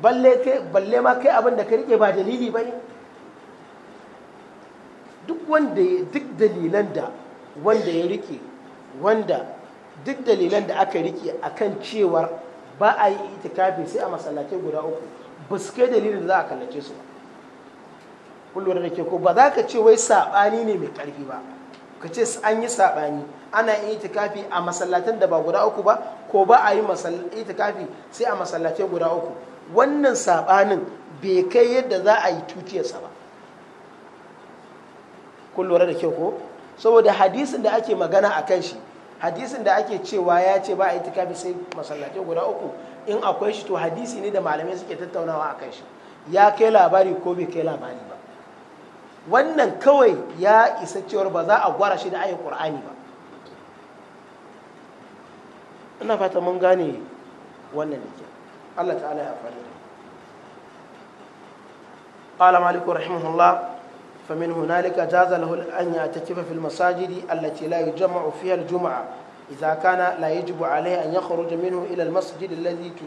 balle kai balle ma kai abin da ka rike ba dalili bane duk wanda duk dalilan da wanda ya rike wanda duk dalilan da aka rike akan cewar ba a yi itikafi sai a masallatai guda uku ba su kai dalilin da za a kallace su ba kullum da ke ko ba za ka ce wai saɓani ne mai ƙarfi ba ka ce an yi saɓani ana yin itikafi a masallatan da ba guda uku ba ko ba a yi itikafi sai a masallatai guda uku wannan saɓanin bai kai yadda za a yi tutiyarsa ba kun lura da kyau ko saboda hadisin da ake magana a kan shi hadisin da ake cewa ya ce ba a itikafi sai masallatai guda uku in akwai shi to hadisi ne da malamai suke tattaunawa a kan shi ya kai labari ko bai kai labari ba wannan kawai ya isa cewar ba za a gwara shi da ayin ƙur'ani ba ina fata mun gane wannan da ke allah ta'ala ya faru da ƙala maliku rahimahullah famin hunalika jaza lahul fil masajidi allah ce layi juma'a iza kana layi alai an ya kharu ilal masajidi lalli tu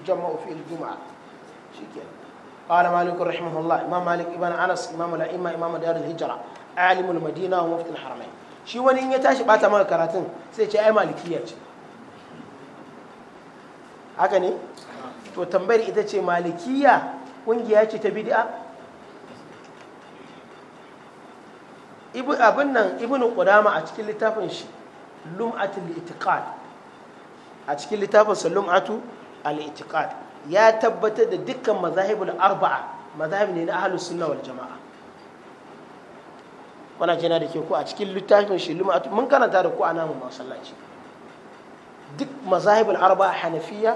قال مالك رحمه الله إمام مالك ابن أنس إمام الأئمة إمام دار الهجرة عالم المدينة ومفتي الحرمين shi wani in ya tashi bata maka karatun sai ce ai malikiya ce haka ne to tambayar ita ce malikiya kungiya ce ta bid'a abin nan ibn qudama a cikin littafin shi lum'atul itiqad a cikin littafin sa lum'atu al itiqad ya tabbatar da dukkan mazahibul arba'a mazahib ne na ahlus sunna wal jama'a wana jina da ke ku a cikin littafin shi mun karanta da ku a namu masallaci duk mazahibul arba'a hanafiya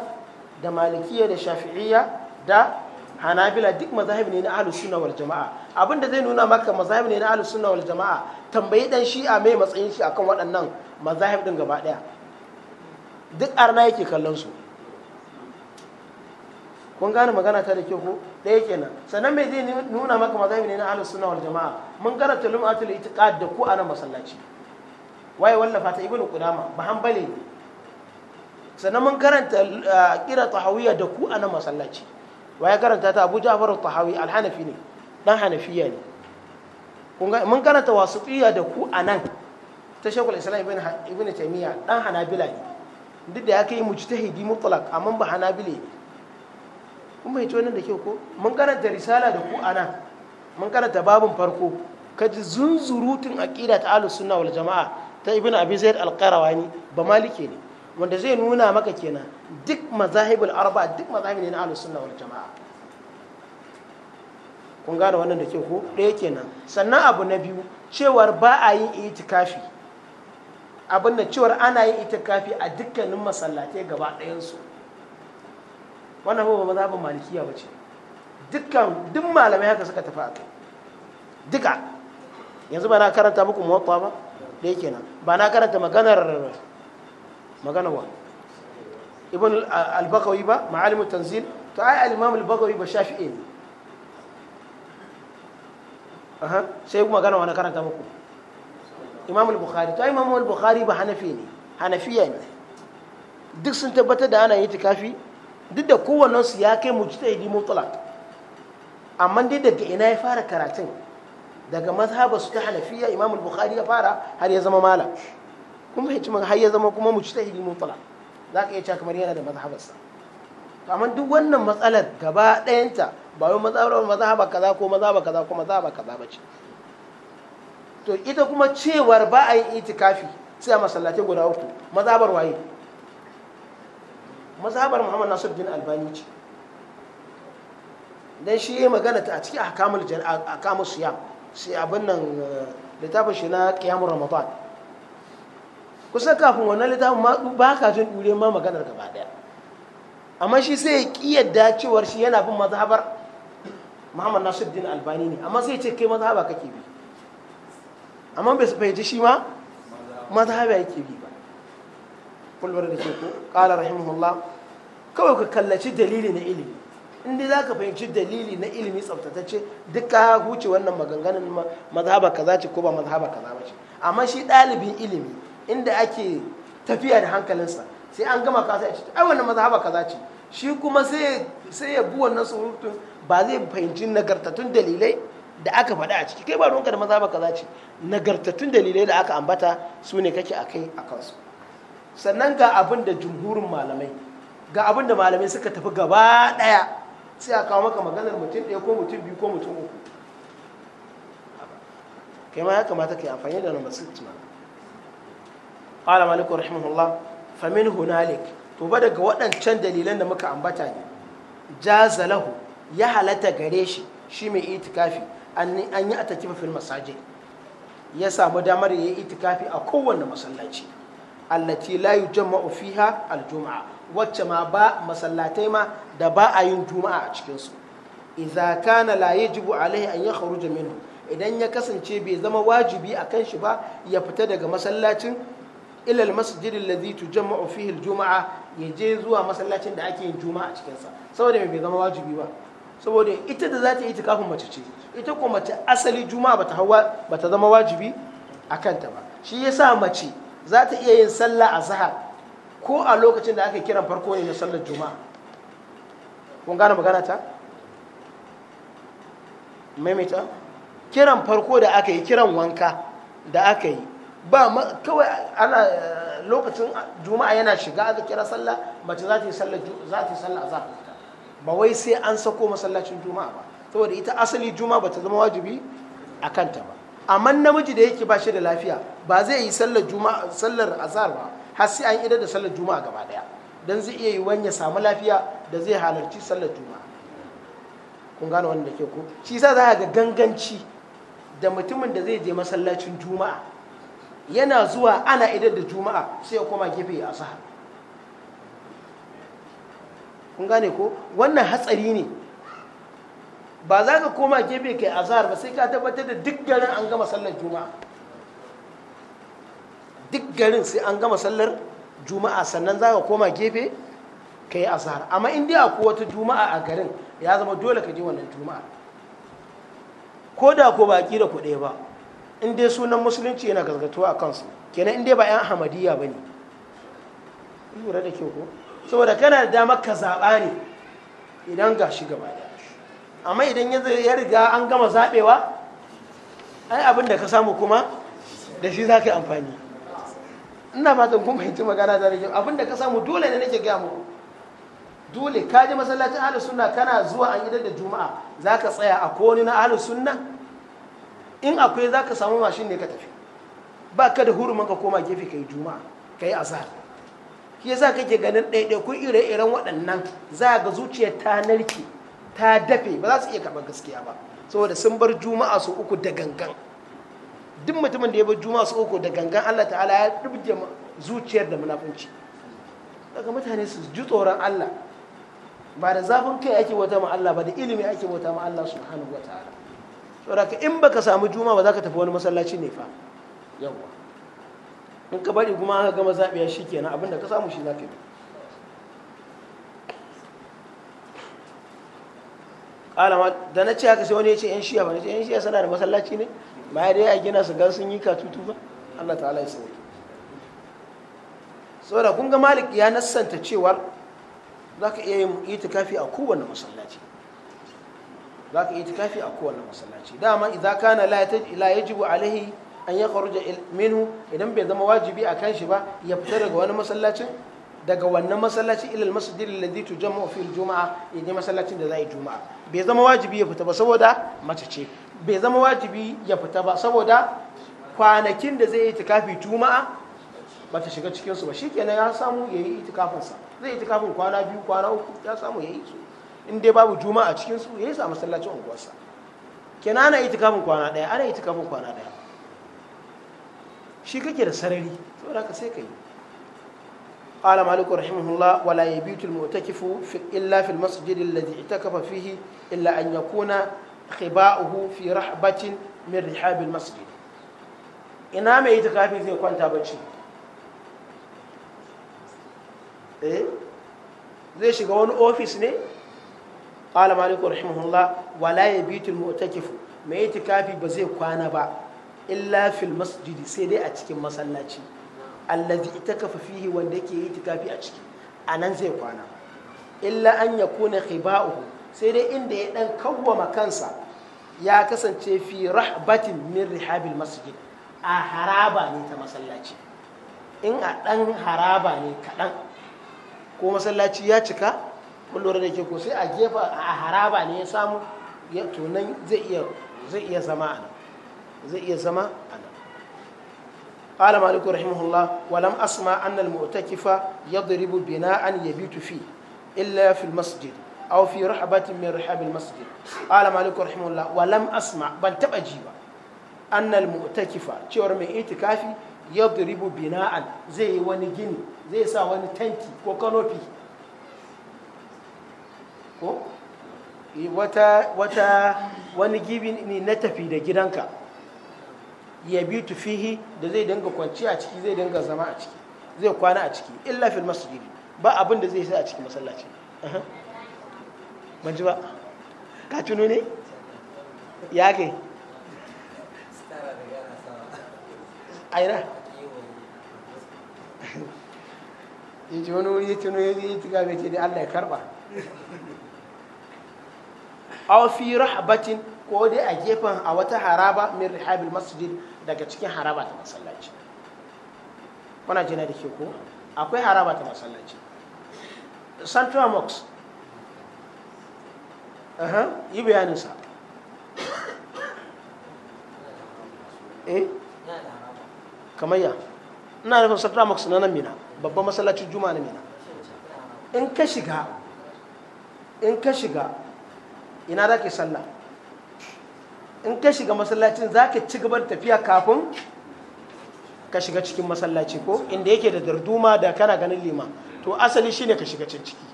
da malikiya da shafi'iyya da hanabila duk mazahib ne na ahlus sunna wal jama'a abinda zai nuna maka mazahib ne na ahlus sunna wal jama'a tambayi dan shi'a mai matsayin shi akan waɗannan mazahib din gaba ɗaya. duk arna yake kallon su kun gane magana ta da kyau ko ɗaya kenan sannan me zai nuna maka mazhabi ne na ahlus sunna wal jamaa mun karanta lum'atul itiqad da ku a masallaci waye wallafa ta ibnu qudama ba hanbali ne sannan mun karanta kira tahawiyya da ku a masallaci waye karanta ta abu ja'far tahawi al-hanafi ne dan hanafiya ne mun karanta wasiqiyya da ku a nan ta shekul islam ibn ibn taymiya dan hanabila ne duk da ya kai mujtahidi mutlaq amma ba hanabili ne kun bai wannan da kyau ko mun karanta risala da ku ana mun karanta babin farko kaji zunzurutun aqida ta ahlus sunna wal jamaa ta ibnu abi zaid al qarawani ba malike ne wanda zai nuna maka kenan duk mazahibul arba duk mazahib ne na ahlus sunna wal jamaa kun gane wannan da kyau ko ɗaya kenan sannan abu na biyu cewar ba a yin itikafi abin da cewar ana yin itikafi a dukkanin masallatai gaba ɗayansu su wannan ba mazhabin malikiya ba ce dukkan duk malamai haka suka tafi akai duka yanzu ba na karanta muku muwatta ba da yake nan ba na karanta maganar maganar wa ibn al-bakawi ba ma'alimu tanzil to ai al-imam al-bakawi ba shafi'i ne aha sai kuma magana wani karanta muku imam al-bukhari to ai imam al-bukhari ba hanafi ne hanafiya ne duk sun tabbatar da ana yi tikafi duk da kowannensu ya kai mujtahidi mutlaq amma duk daga ina ya fara karatun daga mazhaba su ta halafiya imam bukhari ya fara har ya zama mala kun fahimci har ya zama kuma mujtahidi mutlaq za ka iya cewa kamar yana da mazhabarsa amma duk wannan matsalar gaba ɗayanta ba wai mazhabar mazhaba kaza ko mazhaba kaza ko mazhaba kaza ba to ita kuma cewar ba a yin itikafi sai a masallatai guda uku mazhabar waye mazhabar muhammad nasiruddin albani ce dan shi ya magana ta a cikin ahkamul ahkamul siyam sai abin nan eh, littafin shi na qiyamul ramadan kusan kafin wannan littafin ma ba ka jin dure ma maganar gaba daya amma shi sai ya kiyarda cewar shi yana bin mazhabar muhammad nasiruddin albani ne amma sai ya ce kai mazhaba kake bi amma bai fahimci shi ma mazhaba yake bi ba kulbar da ke ko qala rahimahullah kawai ka kallaci dalili na ilimi in dai za ka fahimci dalili na ilimi tsaftatacce duk ka huce wannan maganganun mazhaba kaza ce ko ba mazhaba kaza ba ce amma shi ɗalibin ilimi inda ake tafiya da hankalinsa sai an gama kasa ya ce ai wannan mazhaba kaza ce shi kuma sai ya bi wannan surutun ba zai fahimci nagartattun dalilai da aka faɗa a ciki kai ba ruwanka da mazhaba kaza ce nagartattun dalilai da aka ambata su ne kake a kai a kansu sannan ga abin da jumhurin malamai ga abin da malamai suka tafi gaba ɗaya sai a kawo maka maganar mutum ɗaya ko mutum biyu ko mutum uku kai ma ya kamata ka yi amfani da number 6 ma qala maliku rahimahullah famin hunalik to ba daga waɗancan dalilan da muka ambata ne Ja-zalahu, ya halatta gare shi shi mai itikafi an yi atakifa fil masaje. ya samu damar ya yi itikafi a kowanne masallaci allati la yujma'u fiha al wacce ma ba masallatai ma da ba a yin juma'a a cikinsu idza kana la yajibu alaihi an yakhruja minhu idan ya kasance bai zama wajibi a kan shi ba ya fita daga masallacin ilal masjid alladhi tujamma'u fihi aljuma'a ya je zuwa masallacin da ake yin juma'a a cikinsa saboda bai zama wajibi ba saboda ita da za ta yi mace ce ita kuma mace asali juma'a bata hawa bata zama wajibi a kanta ba shi yasa mace za ta iya yin sallah a zahar ko a lokacin da aka kiran farko ne na sallar juma'a kun gane magana ta maimaita kiran farko da aka yi kiran wanka da aka yi ba kawai ana lokacin juma'a yana shiga aka kira sallah mace za ta yi sallah za ta yi sallah ta ba wai sai an sako masallacin juma'a ba saboda ita asali juma'a ta zama wajibi a kanta ba amma namiji da yake ba shi da lafiya ba zai yi sallar juma'a sallar azhar ba har sai an idar da sallar juma'a gaba daya dan zai iya yi wanya samu lafiya da zai halarci sallar juma'a kun gane wannan da ke ko shi yasa za ga ganganci da mutumin da zai je masallacin juma'a yana zuwa ana idar da juma'a sai ya koma gefe ya asaha kun gane ko wannan hatsari ne ba za ka koma gefe kai azhar ba sai ka tabbatar da duk garin an gama sallar juma'a duk garin sai an gama sallar juma'a sannan za ka koma gefe ka yi asara amma inda ya akwai wata juma'a a garin ya zama dole ka je wannan juma'a ko da ko baƙi da kuɗe ba in dai sunan musulunci yana gazgatuwa a kansu kenan in dai ba 'yan hamadiyya ba ne lura da ke ko saboda kana da damar ka zaɓa ne idan ga shi gaba da amma idan ya riga an gama zaɓewa ai abin da ka samu kuma da shi za ka yi amfani ina fatan kuma yanzu magana da rage abin da ka samu dole ne nake gaya muku dole ka ji masallacin ahli sunna kana zuwa an idar da juma'a za ka tsaya a kowani na ahli sunna in akwai za ka samu mashin ne ka tafi ba ka da hurumin ka koma gefe kai juma'a kai azhar shi yasa kake ganin ɗaiɗaikun ire-iren waɗannan za ga zuciyar ta narke ta dafe ba za su iya karɓar gaskiya ba saboda sun bar juma'a su uku da gangan duk mutumin da ya bar juma'a su uku da gangan Allah ta'ala ya dubje zuciyar da munafunci daga mutane su ji tsoron Allah ba da zafin kai ake wata ma Allah ba da ilimi ake wata ma Allah subhanahu wataala saboda ka in baka samu juma'a ba za ka tafi wani masallaci ne fa yawa in ka bari kuma aka gama zabiya shikenan abinda ka samu shi za ka yi alama da na ce haka sai wani ya ce yan shiya ba na ce yan shiya sana da masallaci ne ba dai a gina su gan sun yi tutu ba Allah ta ya sauki saboda kun ga malik ya nassanta cewar za ka iya yin itikafi a kowane masallaci za ka iya itikafi a kowane masallaci dama idan kana la yajibu alaihi an ya kharuja minhu idan bai zama wajibi a kan shi ba ya fita daga wani masallacin daga wannan masallaci ila almasjid alladhi tujamma fi aljuma'a idan masallacin da za yi juma'a bai zama wajibi ya fita ba saboda mace ce bai zama wajibi ya fita ba saboda kwanakin da zai yi itikafi juma'a ba ta shiga cikinsu ba shikenan ya samu ya yi itikafinsa zai yi itikafin kwana biyu kwana uku ya samu ya yi su in dai babu juma'a cikinsu ya yi sa masallacin unguwarsa kenan ana itikafin kwana ɗaya ana itikafin kwana ɗaya shi kake da sarari saboda ka sai ka yi قال مالك رحمه الله ولا يبيت المعتكف إلا في المسجد الذي اعتكف فيه إلا أن يكون khiba'uhu fi rahbatin min rihabil masjid ina mai itikafi zai kwanta bacci eh zai shiga wani ofis ne qala maliku rahimahullah wala yabitul mu'takif mai itikafi ba zai kwana ba illa fil masjid sai dai a cikin masallaci allazi itakafa fihi wanda yake itikafi a ciki anan zai kwana illa an yakuna khiba'uhu sai dai inda ya dan kawwama kansa ya kasance fi rahbatin min rihabil masjid a haraba ne ta masallaci in a dan haraba ne kaɗan ko masallaci ya cika kun da ke ko sai a gefa a haraba ne ya samu ya tunan zai iya zai iya zama a nan zai iya zama a nan قال مالك رحمه الله ولم أسمع أن المؤتكف يضرب بناء يبيت فيه إلا في المسجد aw fi min rihabil masjid qala malik rahimahullah wa lam asma ban taba ji ba annal mu'takifa cewar mai itikafi yadribu bina'an zai yi wani gini zai sa wani tanki ko kanofi ko wata wata wani gibi ne na tafi da gidanka ya bi fihi da zai dinga kwanci a ciki zai dinga zama a ciki zai kwana a ciki illa fil masjid ba abin da zai sa a cikin masallaci ban ji ba ka tuno ne ya ke aina ya ji wani wuri ya tuno ya ji tuka mai ce da allah ya karba aw fi rahbatin ko dai a gefen a wata haraba min rihabil masjid daga cikin haraba ta masallaci kuna jina da ke ko akwai haraba ta masallaci santuwa mosque yi bayaninsa eh ya ina nufin satra na nan mina babban masallacin juma na mina in ka shiga in ka shiga ina za ka sallah in ka shiga masallacin za ka ci gabar tafiya kafin ka shiga cikin masallaci ko inda yake da darduma da kana ganin lima to asali shine ka shiga cikin ciki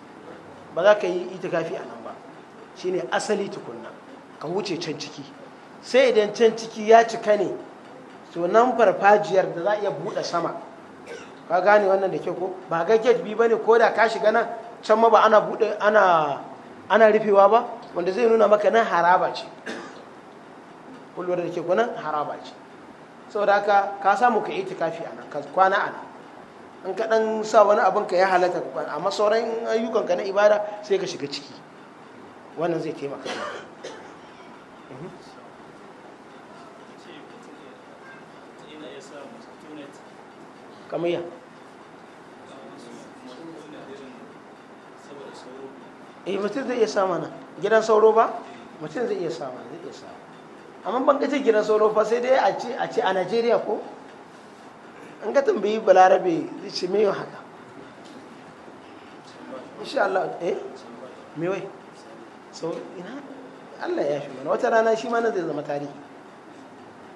ba za ka yi itikafi a nan ba shine asali tukunna ka wuce can ciki sai idan can ciki ya cika ne to nan farfajiyar da za a iya buɗe sama ka gane wannan da ke ko ba ga gate bi bane ko da ka shiga nan can ma ba ana buɗe ana rufewa ba wanda zai nuna maka nan haraba ce kulwar da ke ko nan haraba ce saboda haka ka samu ka kafi a nan kwana a nan in ka ɗan sa wani abin ka ya halatta amma sauran ayyukan ka na ibada sai ka shiga ciki wannan zai taimaka mhm. kamar ya eh mutum zai iya sama na gidan sauro ba mutum zai iya sama zai iya sama amma ban kace gidan sauro fa sai dai a ce a nigeria ko an ga tambayi balarabe zai ce me haka insha Allah eh me wai so ina Allah ya shi mana wata rana shi ma na zai zama tarihi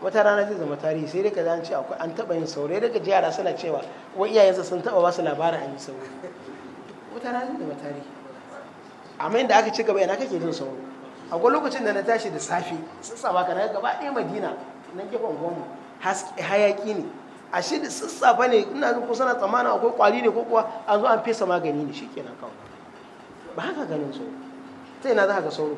wata rana zai zama tarihi sai dai ka zan ce akwai an taba yin saurayi daga ji yara suna cewa wa iyayensa sun taba ba su labarin an yi saurayi wata rana zai zama tarihi amma inda aka ci gaba yana kake jin sauro akwai lokacin da na tashi da safe sassafa ka na gaba ɗaya madina na gefen gwamnu hayaki ne ashe da sassafa ne ina jin kusa na tsammanin akwai kwali ne ko kuwa an zo an fesa magani ne shikenan kawai ba haka ganin sauro ta ina za ka sauro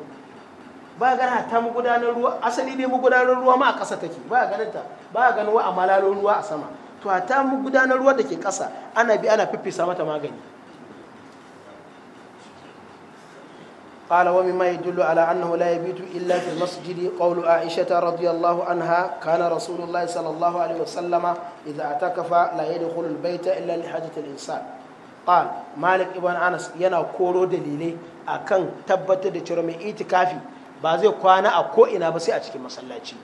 ba ga ta magudanar ruwa asali dai magudanar ruwa ma a ƙasa take ba ga ganin ta ba ga ganin wa a malalo ruwa a sama to hatta magudanar ruwa da ke ƙasa ana bi ana fifisa mata magani قال ومما يدل على أنه لا يبيت إلا في المسجد قول عائشة رضي الله عنها كان رسول الله صلى الله عليه وسلم إذا اعتكف لا يدخل البيت إلا لحاجة الإنسان قال مالك ابن أنس ينا كورو دليلي akan tabbatar da cewa mai itikafi ba zai kwana a ko ina ba sai a cikin masallaci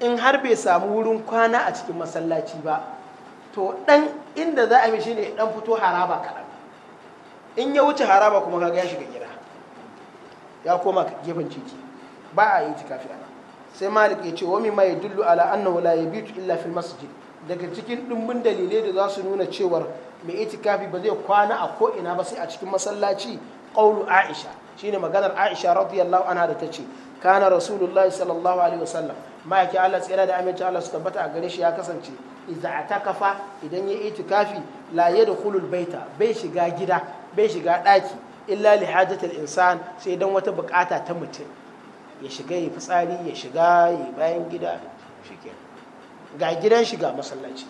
in har bai samu wurin kwana a cikin masallaci ba to dan inda za a yi shine dan fito haraba kaɗan in ya wuce haraba kuma kaga ya shiga gida ya koma gefen ciki ba a yi itikafi ana sai malik ya ce wa mai dullu ala annahu la yabitu illa fil masjid daga cikin dumbin dalilai da za su nuna cewar mai itikafi ba zai kwana a ko ina ba sai a cikin masallaci qawlu aisha shi ne maganar aisha radiyallahu anha da tace kana rasulullahi sallallahu alaihi wasallam ma'aikin Allah tsira da aminci Allah su tabbata a garin shi ya kasance idza atakafa idan ya itikafi da yadkhulul baita bai shiga gida bai shiga daki illa li hajatil insan sai dan wata bukata ta mutum ya shiga ya fitsari ya shiga ya bayan gida shike ga gidan shiga masallaci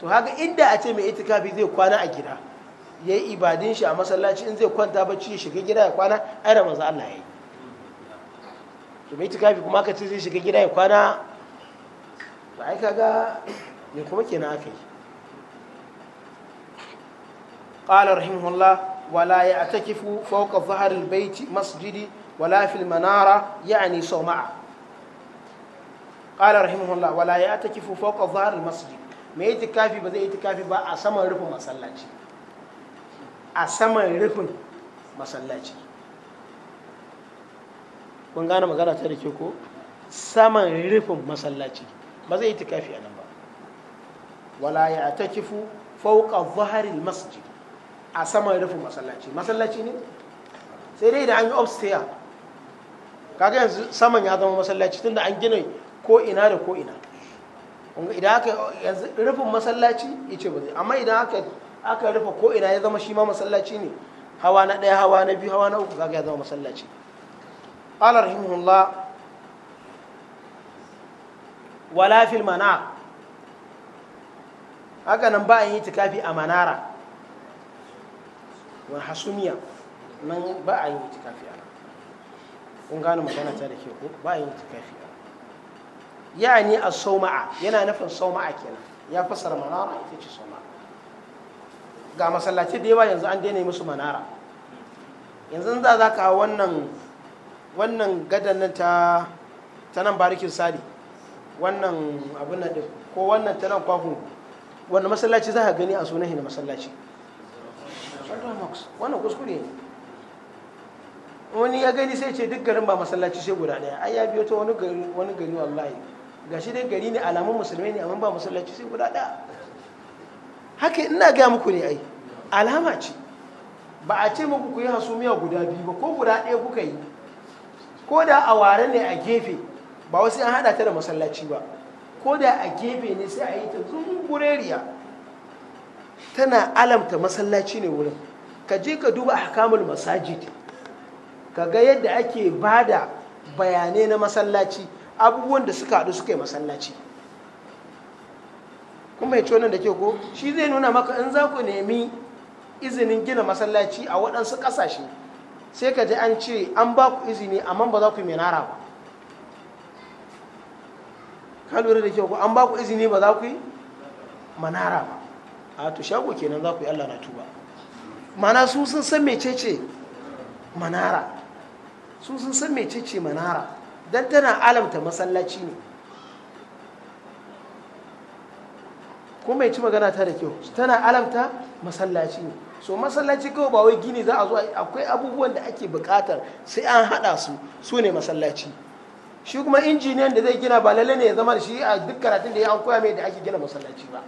to haka inda a ce mai itikafi zai kwana a gida ya yi ibadin shi a masallaci in zai kwanta bacci ya shiga gida ya kwana ai da manzo Allah ya yi to mai tikafi kuma ka ce zai shiga gida ya kwana to ai kaga me kuma kenan aka yi qala rahimahullah wala ya'takifu fawqa dhahr al-bayt masjidi wala fil manara ya'ni sawma'a qala rahimahullah wala ya'takifu fawqa dhahr al-masjid mai itikafi ba zai itikafi ba a saman rufin masallaci a saman rufin masallaci kun gane magana ta da ke ko saman rufin masallaci ba zai yi kafi a nan ba wala ya ta kifu fauka zaharil masjid a saman rufin masallaci masallaci ne sai dai da an yi obstaya kaga yanzu saman ya zama masallaci tunda an gina ko ina da ko ina idan aka yanzu rufin masallaci ice ba zai amma idan aka aka rufe ko ina ya zama shi ma masallaci ne hawa na ɗaya hawa na biyu hawa na uku kaga ya zama masallaci qala rahimahullah wala fil mana haka nan ba a yi tikafi a manara wani hasumiya nan ba a yi tikafi a kun gane magana ta da ke ko ba a yi tikafi a yani a sauma'a yana nufin sauma'a kenan ya fasara manara ita ce sauma'a ga masallaci da yawa yanzu an daina musu manara yanzu za za ka wannan wannan gadan nan ta ta nan barikin sadi wannan abin da ko wannan ta nan kwakun wannan masallaci za ka gani a sunan hina masallaci wannan kuskure ne wani ya gani sai ce duk garin ba masallaci sai guda daya ai ya biyo ta wani gari wani gari wallahi gashi dai gari ne alamun musulmai ne amma ba masallaci sai guda daya haka ina gaya muku ne ai alama ce ba a ce muku ku yi hasumiya guda biyu ba ko guda ɗaya kuka yi ko da a ware ne a gefe ba wasu 'yan haɗa ta da masallaci ba ko da a gefe ne sai a yi ta zumbureriya tana alamta masallaci ne wurin ka je ka duba hakamul masajid ka ga yadda ake ba da bayanai na masallaci abubuwan da suka haɗu suka yi masallaci kuma ya ci wannan da ke ko shi zai nuna maka in za ku nemi izinin gina masallaci a waɗansu ƙasashe sai ka ji an ce an ba ku izini amma ba za ku yi minara ba ka lura da ke ko an ba ku izini ba za ku yi manara ba a to shago kenan za ku yi allah na tuba mana su sun san mecece manara su sun san mecece manara don tana alamta masallaci ne kuma ya ci magana ta da kyau tana alamta masallaci ne so masallaci kawai ba wai gini za a zo akwai abubuwan da ake bukatar sai an haɗa su su ne masallaci shi kuma injiniyan da zai gina ba lalle ne ya zama shi a duk karatun da ya an koya mai da ake gina masallaci ba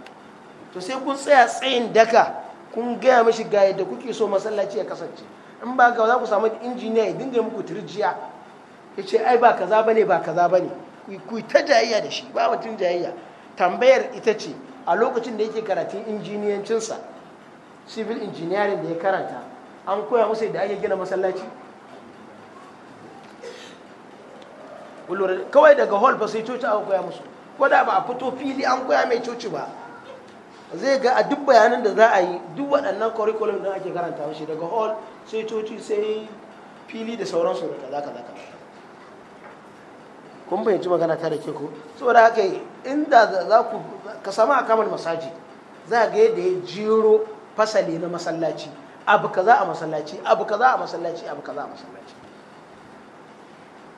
to sai kun tsaya tsayin daka kun gaya mashi ga yadda kuke so masallaci ya kasance in ba ka za ku samu injiniya ya dinga muku turjiya ya ce ai ba kaza bane ba kaza bane ku ta jayayya da shi ba mutum jayayya tambayar ita ce a lokacin da yake karatun injiniyancinsa civil engineering da ya karanta an koya musu da ake gina masallaci kawai daga hall ba sai coci aka koya musu ko da ba a fito fili an koya mai coci ba zai ga a duk bayanan da za a yi duk waɗannan curriculum da ake karanta shi daga hall sai coci sai fili da sauransu da za ka kaza kun bayyanci magana ta da ke ko saboda haka inda za ku ka samu kamar masajid za ga yadda ya jiro fasali na masallaci abu za a masallaci abu za a masallaci abu za a masallaci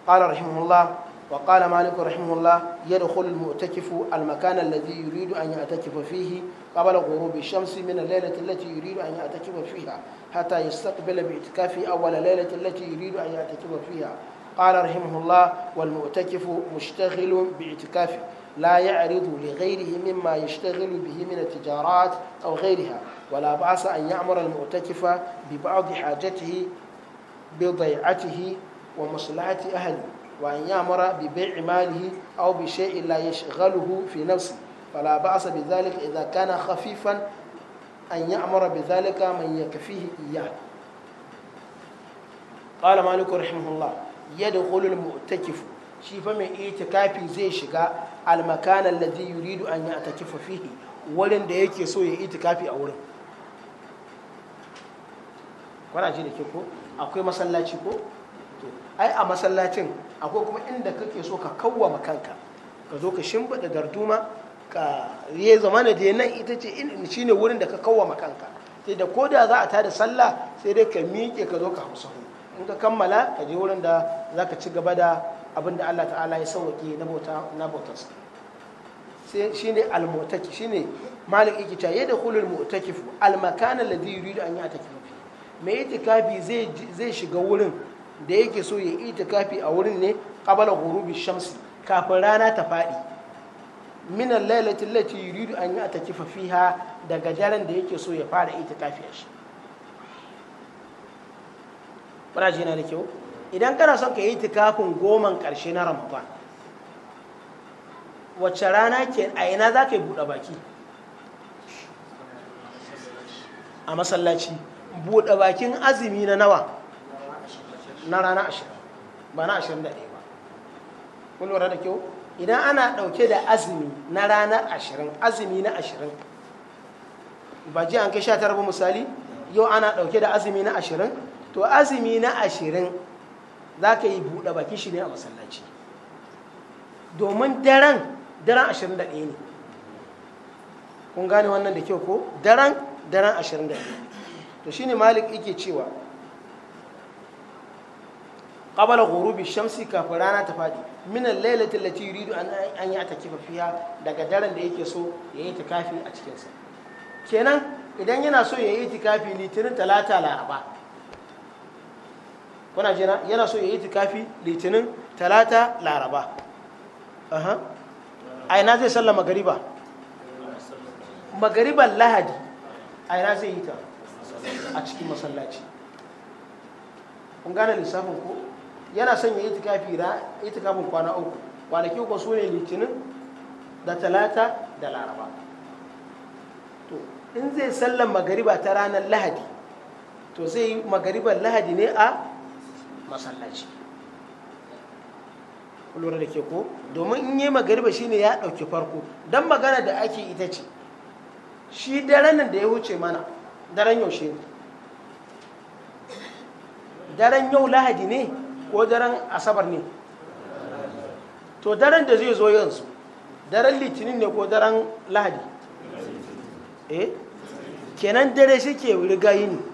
qala rahimahullah wa qala malik rahimahullah yadkhulu al-mu'takif al-makan alladhi yuridu an ya'takifa fihi qabla ghurubi ash-shamsi min al-laylati allati yuridu an ya'takifa fiha hatta yastaqbila bi'tikafi awwal laylati allati yuridu an ya'takifa fiha qala rahimahullah wal mu'takif mushtaghilun bi'tikafi لا يعرض لغيره مما يشتغل به من التجارات أو غيرها ولا بأس أن يأمر المعتكف ببعض حاجته بضيعته ومصلحة أهله وأن يأمر ببيع ماله أو بشيء لا يشغله في نفسه فلا بأس بذلك إذا كان خفيفا أن يأمر بذلك من يكفيه إياه قال مالك رحمه الله يدخل المعتكف شيفا من إيتكافي زي شقاء almakan alladhi yuridu an ya'takifa fihi wurin da yake so ya kafi a wurin kwana ji da ke ko akwai masallaci ko ai a masallacin akwai kuma inda kake so ka kawwama kanka ka zo ka shimfiɗa darduma ka ya zamana da nan ita ce shine wurin da ka kawama kanka sai da koda za a tada sallah sai dai ka miƙe ka zo ka hausa in ka kammala ka je wurin da za ka ci gaba da abinda Allah ta'ala ya sauwaƙe na bautar su. bautarsa shine malam shi ne malik yake cewa yadda kulul mu'takif al-makan yi yuridu an yi ataki mai itikafi zai zai shiga wurin da yake so ya itikafi a wurin ne kabalar ghurubi shamsi kafin rana ta faɗi minan al lati yi yuridu an yi ya'takifa fiha daga daren da yake so ya fara itikafi a shi. jina da kyau? idan kana son ka yi tikafin goman ƙarshe na ramadan wacce rana ke a ina za ka yi buɗe baki a masallaci buɗe bakin azumi na nawa na rana ashirin ba na ashirin da ɗaya ba kun lura da kyau idan ana ɗauke da azumi na ranar ashirin azumi na ashirin ba ji an kai sha tara ba misali yau ana ɗauke da azumi na ashirin to azumi na ashirin za ka yi buɗe baki shi ne a masallaci domin daren daren 21 ne kun gane wannan da kyau ko daren daren 21 to shi ne malik yake cewa ƙabala gurubi shamsi kafin rana ta faɗi minan lailatin lati yuridu an yi ta kifa daga daren da yake so ya yi ta kafi a cikinsa kenan idan yana so ya yi ta kafi litinin talata laraba kuna jina yana so ya yi itikafi litinin talata laraba a ina zai sallah magariba magariban lahadi a ina zai yi ta a cikin masallaci kun gane lissafin ko yana son ya yi itikafi ra itikafin kwana uku kwanaki uku su ne litinin da talata da laraba to in zai sallan magariba ta ranar lahadi to zai yi magariban lahadi ne a masallaci lura da ke ko domin in yi magariba ne ya ɗauki farko don magana da ake ita ce shi daren da ya wuce mana daren shi ne daren yau lahadi ne ko daren asabar ne to daren da zai zo yanzu daren litinin ne ko daren lahadi eh kenan dare shi ke riga ne.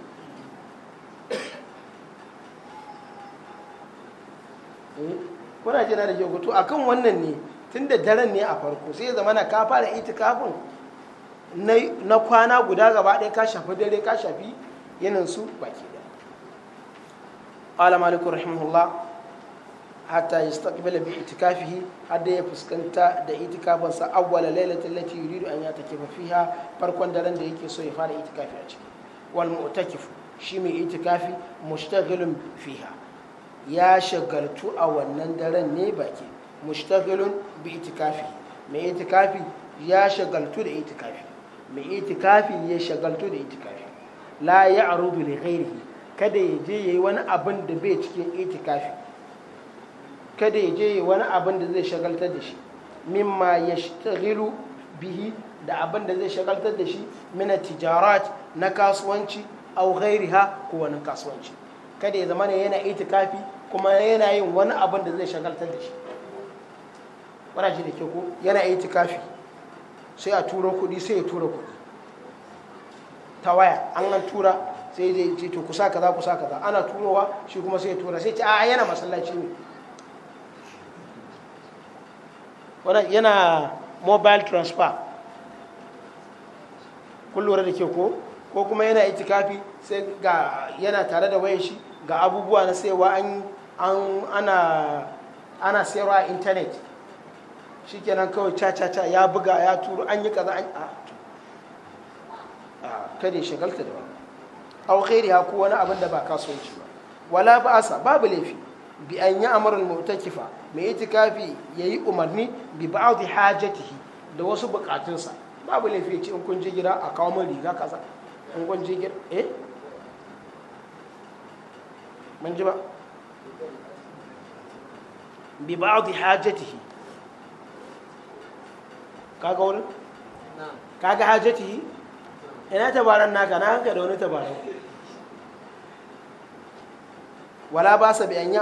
kuna jira da kyau to akan wannan ne tun da daren ne a farko sai zama na da fara itikafin na kwana guda gaba ɗaya ka shafi dare ka shafi yanin su baki da ala malikun rahimahullah hatta ya staqbala bi itikafihi har da ya fuskanta da itikafin sa awwala lailatin lati yuridu an ya takifa fiha farkon daren da yake so ya fara itikafi a ciki wal mu'takif shi mai itikafi mushtaghilun fiha ya shagaltu a wannan daren ne baki mushtaghilun bi itikafi mai itikafi ya shagaltu da itikafi mai itikafi ya shagaltu da itikafi la ya'rudu li ghairihi kada ya je yayi wani abin da bai cikin itikafi kada ya je yayi wani abin da zai shagaltar da shi mimma yashtaghilu bihi da abin da zai shagaltar da shi mina tijarat na kasuwanci au ghairiha ko wani kasuwanci kada ya zama yana itikafi kuma yana yin wani abin da zai shagaltar da shi wana ji da ke ko yana yi tikafi sai a tura kuɗi sai ya tura kuɗi ta waya an nan tura sai zai ce to kusa kaza kusa kaza ana turowa shi kuma sai ya tura sai ce a yana masallaci ne wana yana mobile transfer kun lura da ke ko ko kuma yana itikafi sai ga yana tare da wayan shi ga abubuwa na wa an an ana ana sayarwa a intanet shikenan kawai ca ya buga ya turu an yi kaza an a kada ya shagalta da wani au khairiha ko wani abin da ba kasuwanci ba wala ba'asa babu laifi bi an yi amarin mutakifa mai itikafi yi umarni bi ba'd hajatihi da wasu bukatunsa babu laifi ya ce in kun je gida a kawo min riga kaza in kun je gida eh mun ji ba bi ba'dhi hajatihi kaga wani? kaga hajatihi ina tabaran naka na hanka da wani tabaran wala ba sa bi an yi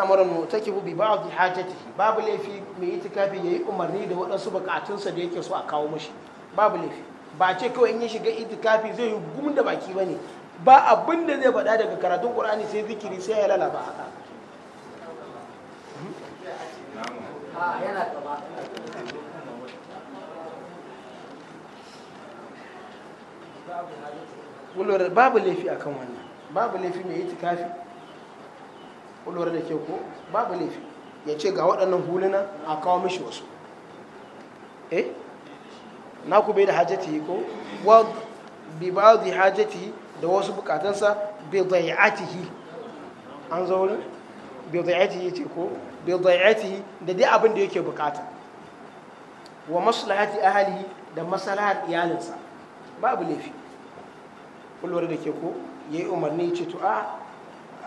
ta kifu bi ba ba'dhi hajatihi babu laifi mai ya yi umarni da waɗansu bukatunsa da yake so a kawo mashi babu laifi ba ce kawai in ya shiga itikafi zai yi gumin da baki ne. ba abin da zai faɗa daga karatun qur'ani sai zikiri sai ya lalaba haka kulwar babu laifi akan wannan babu laifi mai itikafi kulwar da ke ko babu laifi ya ce ga waɗannan huluna a kawo mishi wasu eh na ku bai da hajjati ko wa bi ba da hajjati da wasu bukatansa bai zai'atihi an zaune bai ya ce ko bai da dai abin da yake bukata wa maslahati ahalihi da maslahar iyalinsa babu laifi kullum da ke ko yayi umarni ce to a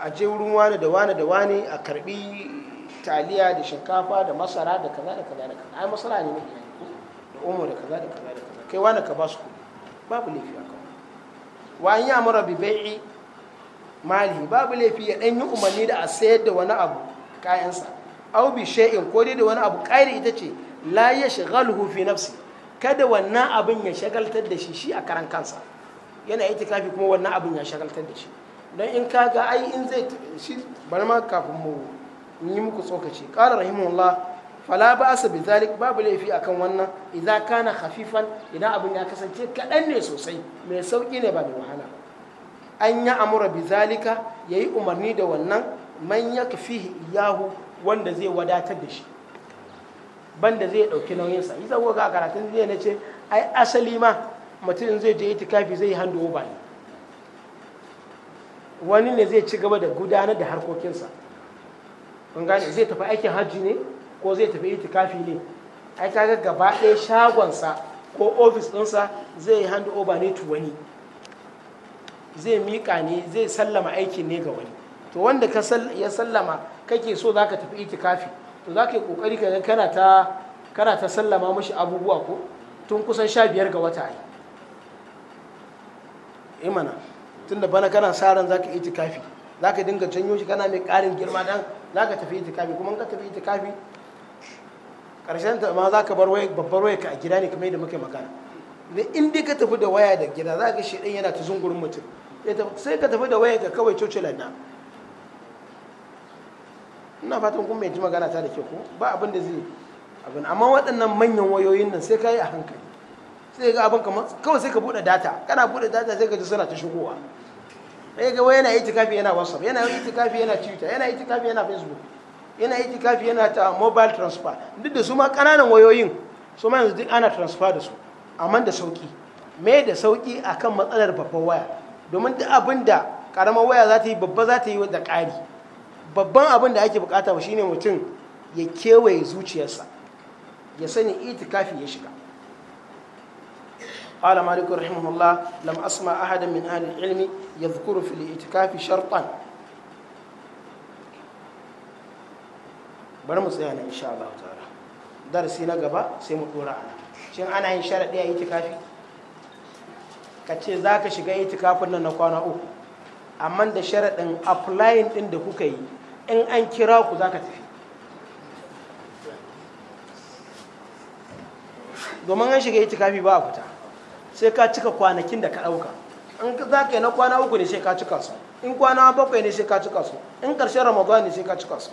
a je wurin wani da wani da wani a karbi taliya da shinkafa da masara da kaza da kaza da kaza ai masara ne na da omo da kaza da kaza da kaza kai wani ka ba su babu laifi a kawai wa an yi amara bi bai'i mali babu laifi ya ɗan yi umarni da a sayar da wani abu kayansa aw bi shay'in ko dai da wani abu qairi ita ce la yashghaluhu fi nafsi kada wannan abin ya shagaltar da shi shi a karan kansa yana itikafi kuma wannan abin ya shagaltar da shi don in ka ga ai in zai shi bari ma kafin mu yi muku tsokaci qala rahimahullah fala ba'sa bi zalik babu laifi akan wannan idan kana khafifan idan abin ya kasance kadan ne sosai mai sauki ne ba mai wahala an ya amura bi zalika yayi umarni da wannan man yakfihi iyahu wanda zai wadatar da shi banda zai ɗauki nauyinsa yi zago ga karatun zai na ce ai asali ma mutum zai je itikafi zai hando ba ne wani ne zai ci gaba da gudanar da harkokinsa kun gane zai tafi aikin hajji ne ko zai tafi itikafi ne ai kaga gaba ɗaya shagonsa ko ofis ɗinsa zai yi hannu over ne to wani zai miƙa ne zai sallama aikin ne ga wani to wanda ka ya sallama kake so zaka tafi itikafi to ka yi kokari ka ga kana ta sallama mashi abubuwa ko tun kusan sha biyar ga wata ai imana eh tunda bana kana sa ran zaka itikafi zaka dinga canyo shi kana mai karin girma dan zaka tafi itikafi kuma ka tafi itikafi karshen ta ma zaka bar waya babbar waya ka a gida ne kamar yadda muke magana ne in dai ka tafi da waya da gida za ka shi din yana ta zungurin mutum sai ka tafi da waya ka kawai cocilan na ina fatan kun mai ji magana ta da ke ko ba abin da zai abin amma waɗannan manyan wayoyin nan sai ka yi a hankali sai ga abin kamar kawai sai ka buɗe data kana buɗe data sai ka ji suna ta shigowa sai ga wai yana itikafi yana whatsapp yana itikafi yana twitter yana itikafi yana facebook yana itikafi yana ta mobile transfer duk da su ma ƙananan wayoyin su ma yanzu duk ana transfer da su amma da sauki me da sauki akan matsalar babbar waya domin duk abin da ƙaramar waya za ta yi babba za ta yi da ƙari babban abin da ake bukata ba shine mutum ya kewaye zuciyarsa ya sani itikafi ya shiga قال مالك رحمه الله لم أسمع أحدا من أهل العلم يذكر في الاعتكاف شرطا bari mu tsaya na insha Allah ta'ala darasi na gaba sai mu dora ana shin ana yin sharaɗi a itikafi ka ce za ka shiga itikafin nan na kwana uku amma da sharadin applying ɗin da kuka yi in an kira ku za ka tafi domin an shiga itikafi ba a fita sai ka cika kwanakin da ka ɗauka in za ka yi na kwana uku ne sai ka cika su in kwana bakwai ne sai ka cika su in ƙarshen ramadan ne sai ka cika su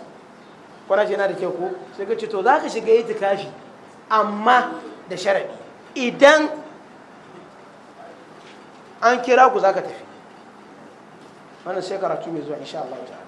kwana ce yana da kyau ko sai ka ce to za ka shiga itikafi amma da sharaɗi idan an kira ku za ka tafi wannan sai karatu mai zuwa insha Allah ta'ala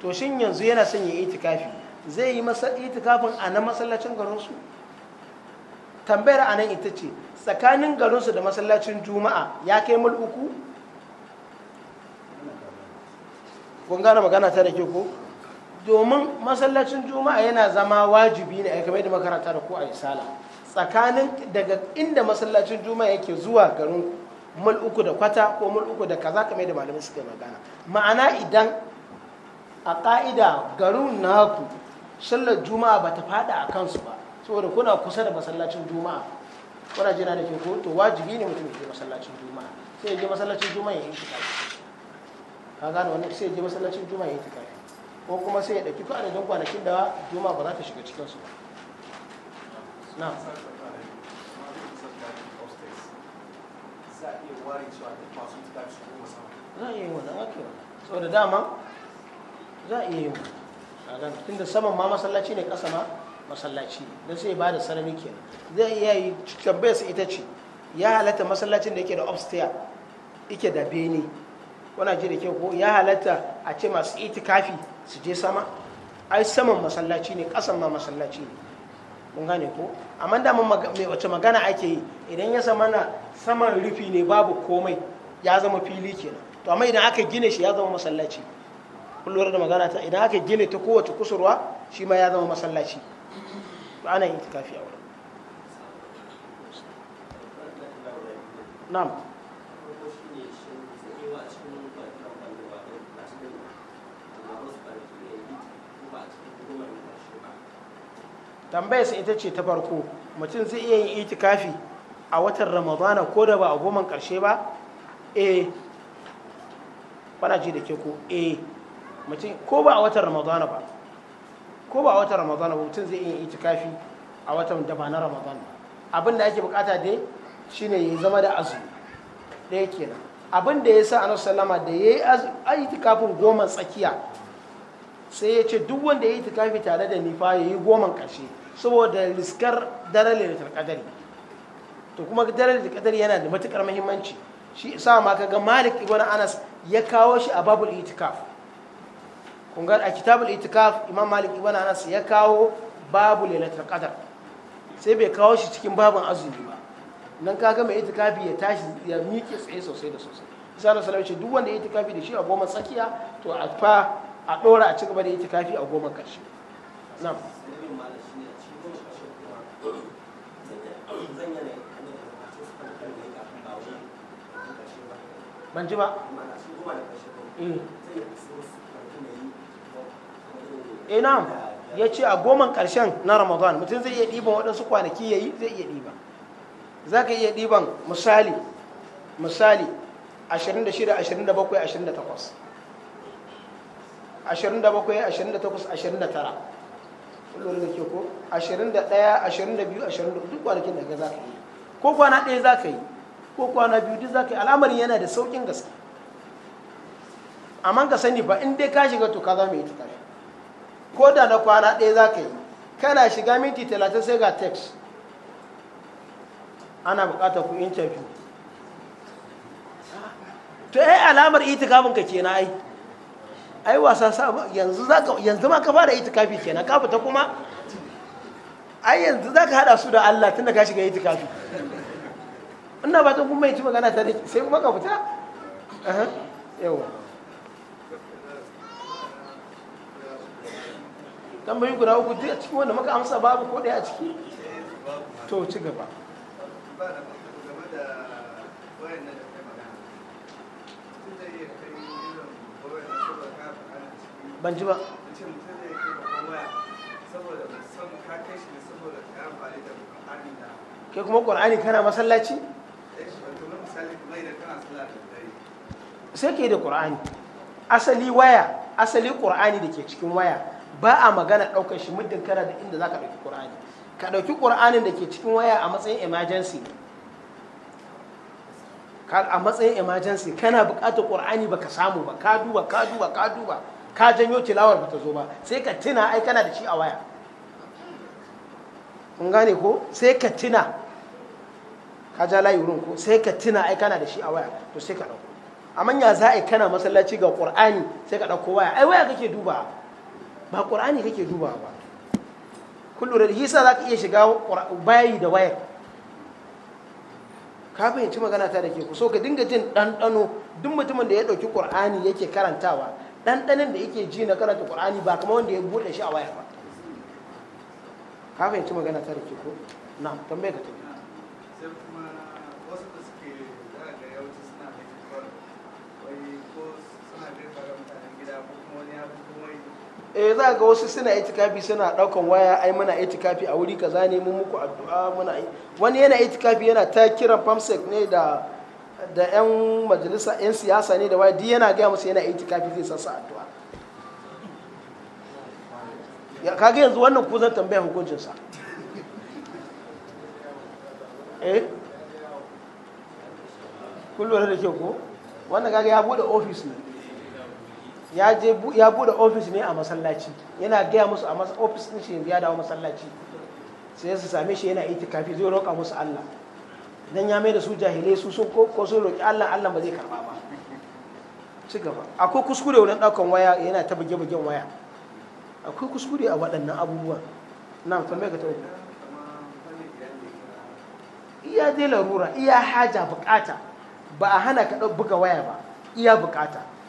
to shi yanzu yana son ya itikafi zai yi itikafin a nan masallacin garinsu tambayar a nan ita ce tsakanin garinsu da masallacin juma'a ya kai mil uku kun gane magana ta da ke ko domin masallacin juma'a yana zama wajibi ne a yi kamar da makaranta da ko a isala tsakanin daga inda masallacin juma'a yake zuwa garin mul uku da kwata ko mul uku da kaza kamar da malamin suke magana ma'ana idan a ƙa'ida garin naku sallar juma'a ba ta fada a kansu ba saboda kuna kusa da masallacin juma'a kuna jira da ke ko to wajibi ne mutum ya masallacin juma'a sai ya je masallacin juma'a ya yi kafi ka gano wannan sai ya je masallacin juma'a ya yi kafi ko kuma sai ya ɗauki duk adadin kwanakin da juma'a ba za ta shiga cikinsu ba na za a iya wannan ake wannan saboda dama za a iya yin kagan tunda saman ma masallaci ne ƙasa ma masallaci ne don sai ba da sarari ke zai iya yi tambayar su ita ce ya halatta masallacin da yake da upstairs yake da bene wana ji da kyau ko ya halatta a ce masu itikafi su je sama ai saman masallaci ne ƙasan ma masallaci ne mun gane ko amma da mun mai wace magana ake yi idan ya sama na saman rufi ne babu komai ya zama fili kenan to amma idan aka gine shi ya zama masallaci kun da magana ta idan aka gine ta kowace kusurwa shi ma ya zama masallaci ba ana yin itikafi a wurin na'am tambayar sa ita ce ta farko mutum zai iya yin itikafi a watan ramadana ko da ba a goman karshe ba eh da ke ko eh mutum ko ba a watan ramadana ba ko ba a watan ramadana ba mutum zai iya itikafi a watan da ba na ramadana abin da ake bukata dai shine ya zama da azumi ɗaya kenan abin da ya sa annabi sallama da ya yi itikafin goma tsakiya sai ya ce duk wanda ya yi itikafi tare da nifa ya yi goma ƙarshe saboda liskar daren lailatul qadari to kuma daren lailatul yana da matukar muhimmanci shi sa ma ga malik ibn anas ya kawo shi a babul itikafi kun a kitabul itikaf imam malik ibn anas ya kawo babu lailatul qadar sai bai kawo shi cikin babin azumi ba nan kaga mai itikafi ya tashi ya miƙe tsaye sosai da sosai isa da salama ce duk wanda ya itikafi da shi a goma tsakiya to a fa a ɗora a cigaba da itikafi a goma karshe. na'am ban ji ba eh ya ce a goma karshen na ramadan mutum zai iya ɗiban waɗansu kwanaki ya yi zai iya ɗiban za ka iya ɗiban misali misali 26 27 28 27 28 29 kullum da ke ko 21 22 23 duk kwanakin da za ka yi ko kwana ɗaya za ka yi ko kwana biyu duk za ka yi al'amarin yana da sauƙin gaske amma ka sani ba in dai ka shiga to ka mu yi tukafi ko da na kwana ɗaya za ka yi kana shiga minti talatin sai ga text ana bukatar ku interview to ai eh, alamar itikafin ka kenan ai ai wasa sa yanzu ka yanzu ma ka fara itikafi kenan ka fita kuma ai yanzu za ka hada su da Allah tunda ka shiga itikafi ina ba ta kuma yi magana ta sai kuma ka fita yawa tambayi guda uku duk a cikin wanda maka amsa babu ko ɗaya a ciki to ci gaba ban ji ba ke kuma ƙwar'ani kana masallaci? sai ke da ƙwar'ani asali waya asali ƙwar'ani da ke cikin waya ba a magana ɗaukar shi muddin kana da inda za ka ɗauki ƙur'ani ka ɗauki ƙur'anin da ke cikin waya a matsayin emergency a matsayin emergency kana buƙatar ƙur'ani ka samu ba ka duba ka duba ka duba ka janyo tilawar ba ta zo ba sai ka tuna ai kana da shi a waya kun gane ko sai ka tuna ka ja layi wurin ko sai ka tuna ai kana da shi a waya to sai ka ɗauko amma ya za a kana masallaci ga ƙur'ani sai ka ɗauko waya ai waya kake duba ba ƙur'ani kake dubawa ba kullum da hisa za ka iya shiga bayi da wayar ka fahimci magana ta da ke ku so ka dinga jin ɗanɗano duk mutumin da ya ɗauki ƙur'ani yake karantawa ɗanɗanin da yake ji na karanta ƙur'ani ba kamar wanda ya buɗe shi a wayar ba ka fahimci magana ta da ke ku na tambaye ka tafi eh za ga wasu suna itikafi suna daukan waya ai muna itikafi a wuri kaza ne mun muku addu'a muna wani yana itikafi yana ta kiran famsek ne da da yan majalisa yan siyasa ne da waya duk yana gaya musu yana itikafi zai sassa addu'a ya kage yanzu wannan ku zan tambaya hukuncin sa eh kullu da ke ko wannan kage ya bude office ne ya je ya bude ofis ne a masallaci yana gaya musu a ofis din shi ya dawo masallaci sai su same shi yana itikafi zai roƙa musu Allah dan ya mai da su jahilai su sun ko sun roƙi Allah Allah ba zai karba ba ci gaba akwai kuskure wurin ɗaukan waya yana ta buge bugen waya akwai kuskure a waɗannan abubuwa na tambaye ka ta iya dai larura iya haja bukata ba a hana ka buga waya ba iya bukata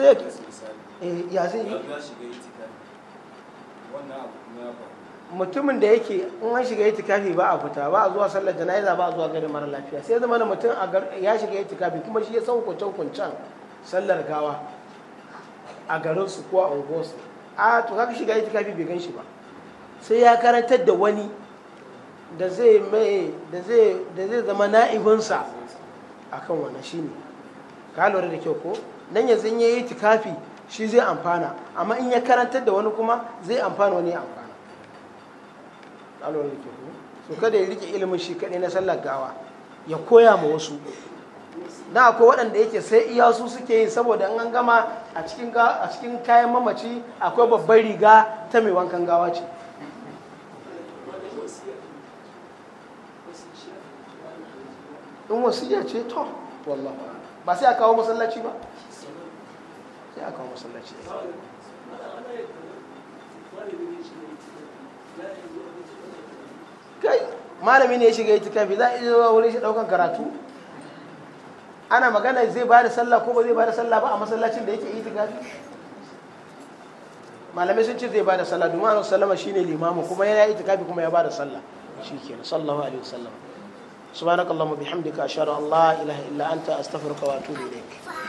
Eh, mutumin da yake in an shiga itikafi ba a fita ba a zuwa sallar jana'iza ba a zuwa garin mara lafiya sai zama da mutum ya shiga itikafi kuma shi ya san hukuncen sallar gawa a garin su ko a unguwarsu a to kaka shiga itikafi bai gan shi ba sai ya karantar da wani da zai mai da zai zama na'ibinsa akan wannan shine ka lura da kyau ko nan yanzu in yi tikafi shi zai amfana amma in ya karantar da wani kuma zai amfana wani ya amfana da ke so kada ya rike ilimin shi kadai na sallar gawa ya koya ma wasu na akwai waɗanda yake sai iya su suke yi saboda an gama a cikin a cikin kayan mamaci akwai babbar riga ta mai wankan gawa ce in wasiya ce to wallah ba sai a kawo masallaci ba sai a kawo masallaci kai malami ne ya shiga itikafi za a iya zuwa wurin shi daukan karatu ana magana zai ba da sallah ko ba zai ba da sallah ba a masallacin da yake itikafi malamai sun ce zai ba da sallah domin annabi sallama shine limamu kuma yana itikafi kuma ya ba da sallah shikenan sallallahu alaihi wasallam subhanakallahumma bihamdika ashhadu an la ilaha illa anta astaghfiruka wa atubu ilaik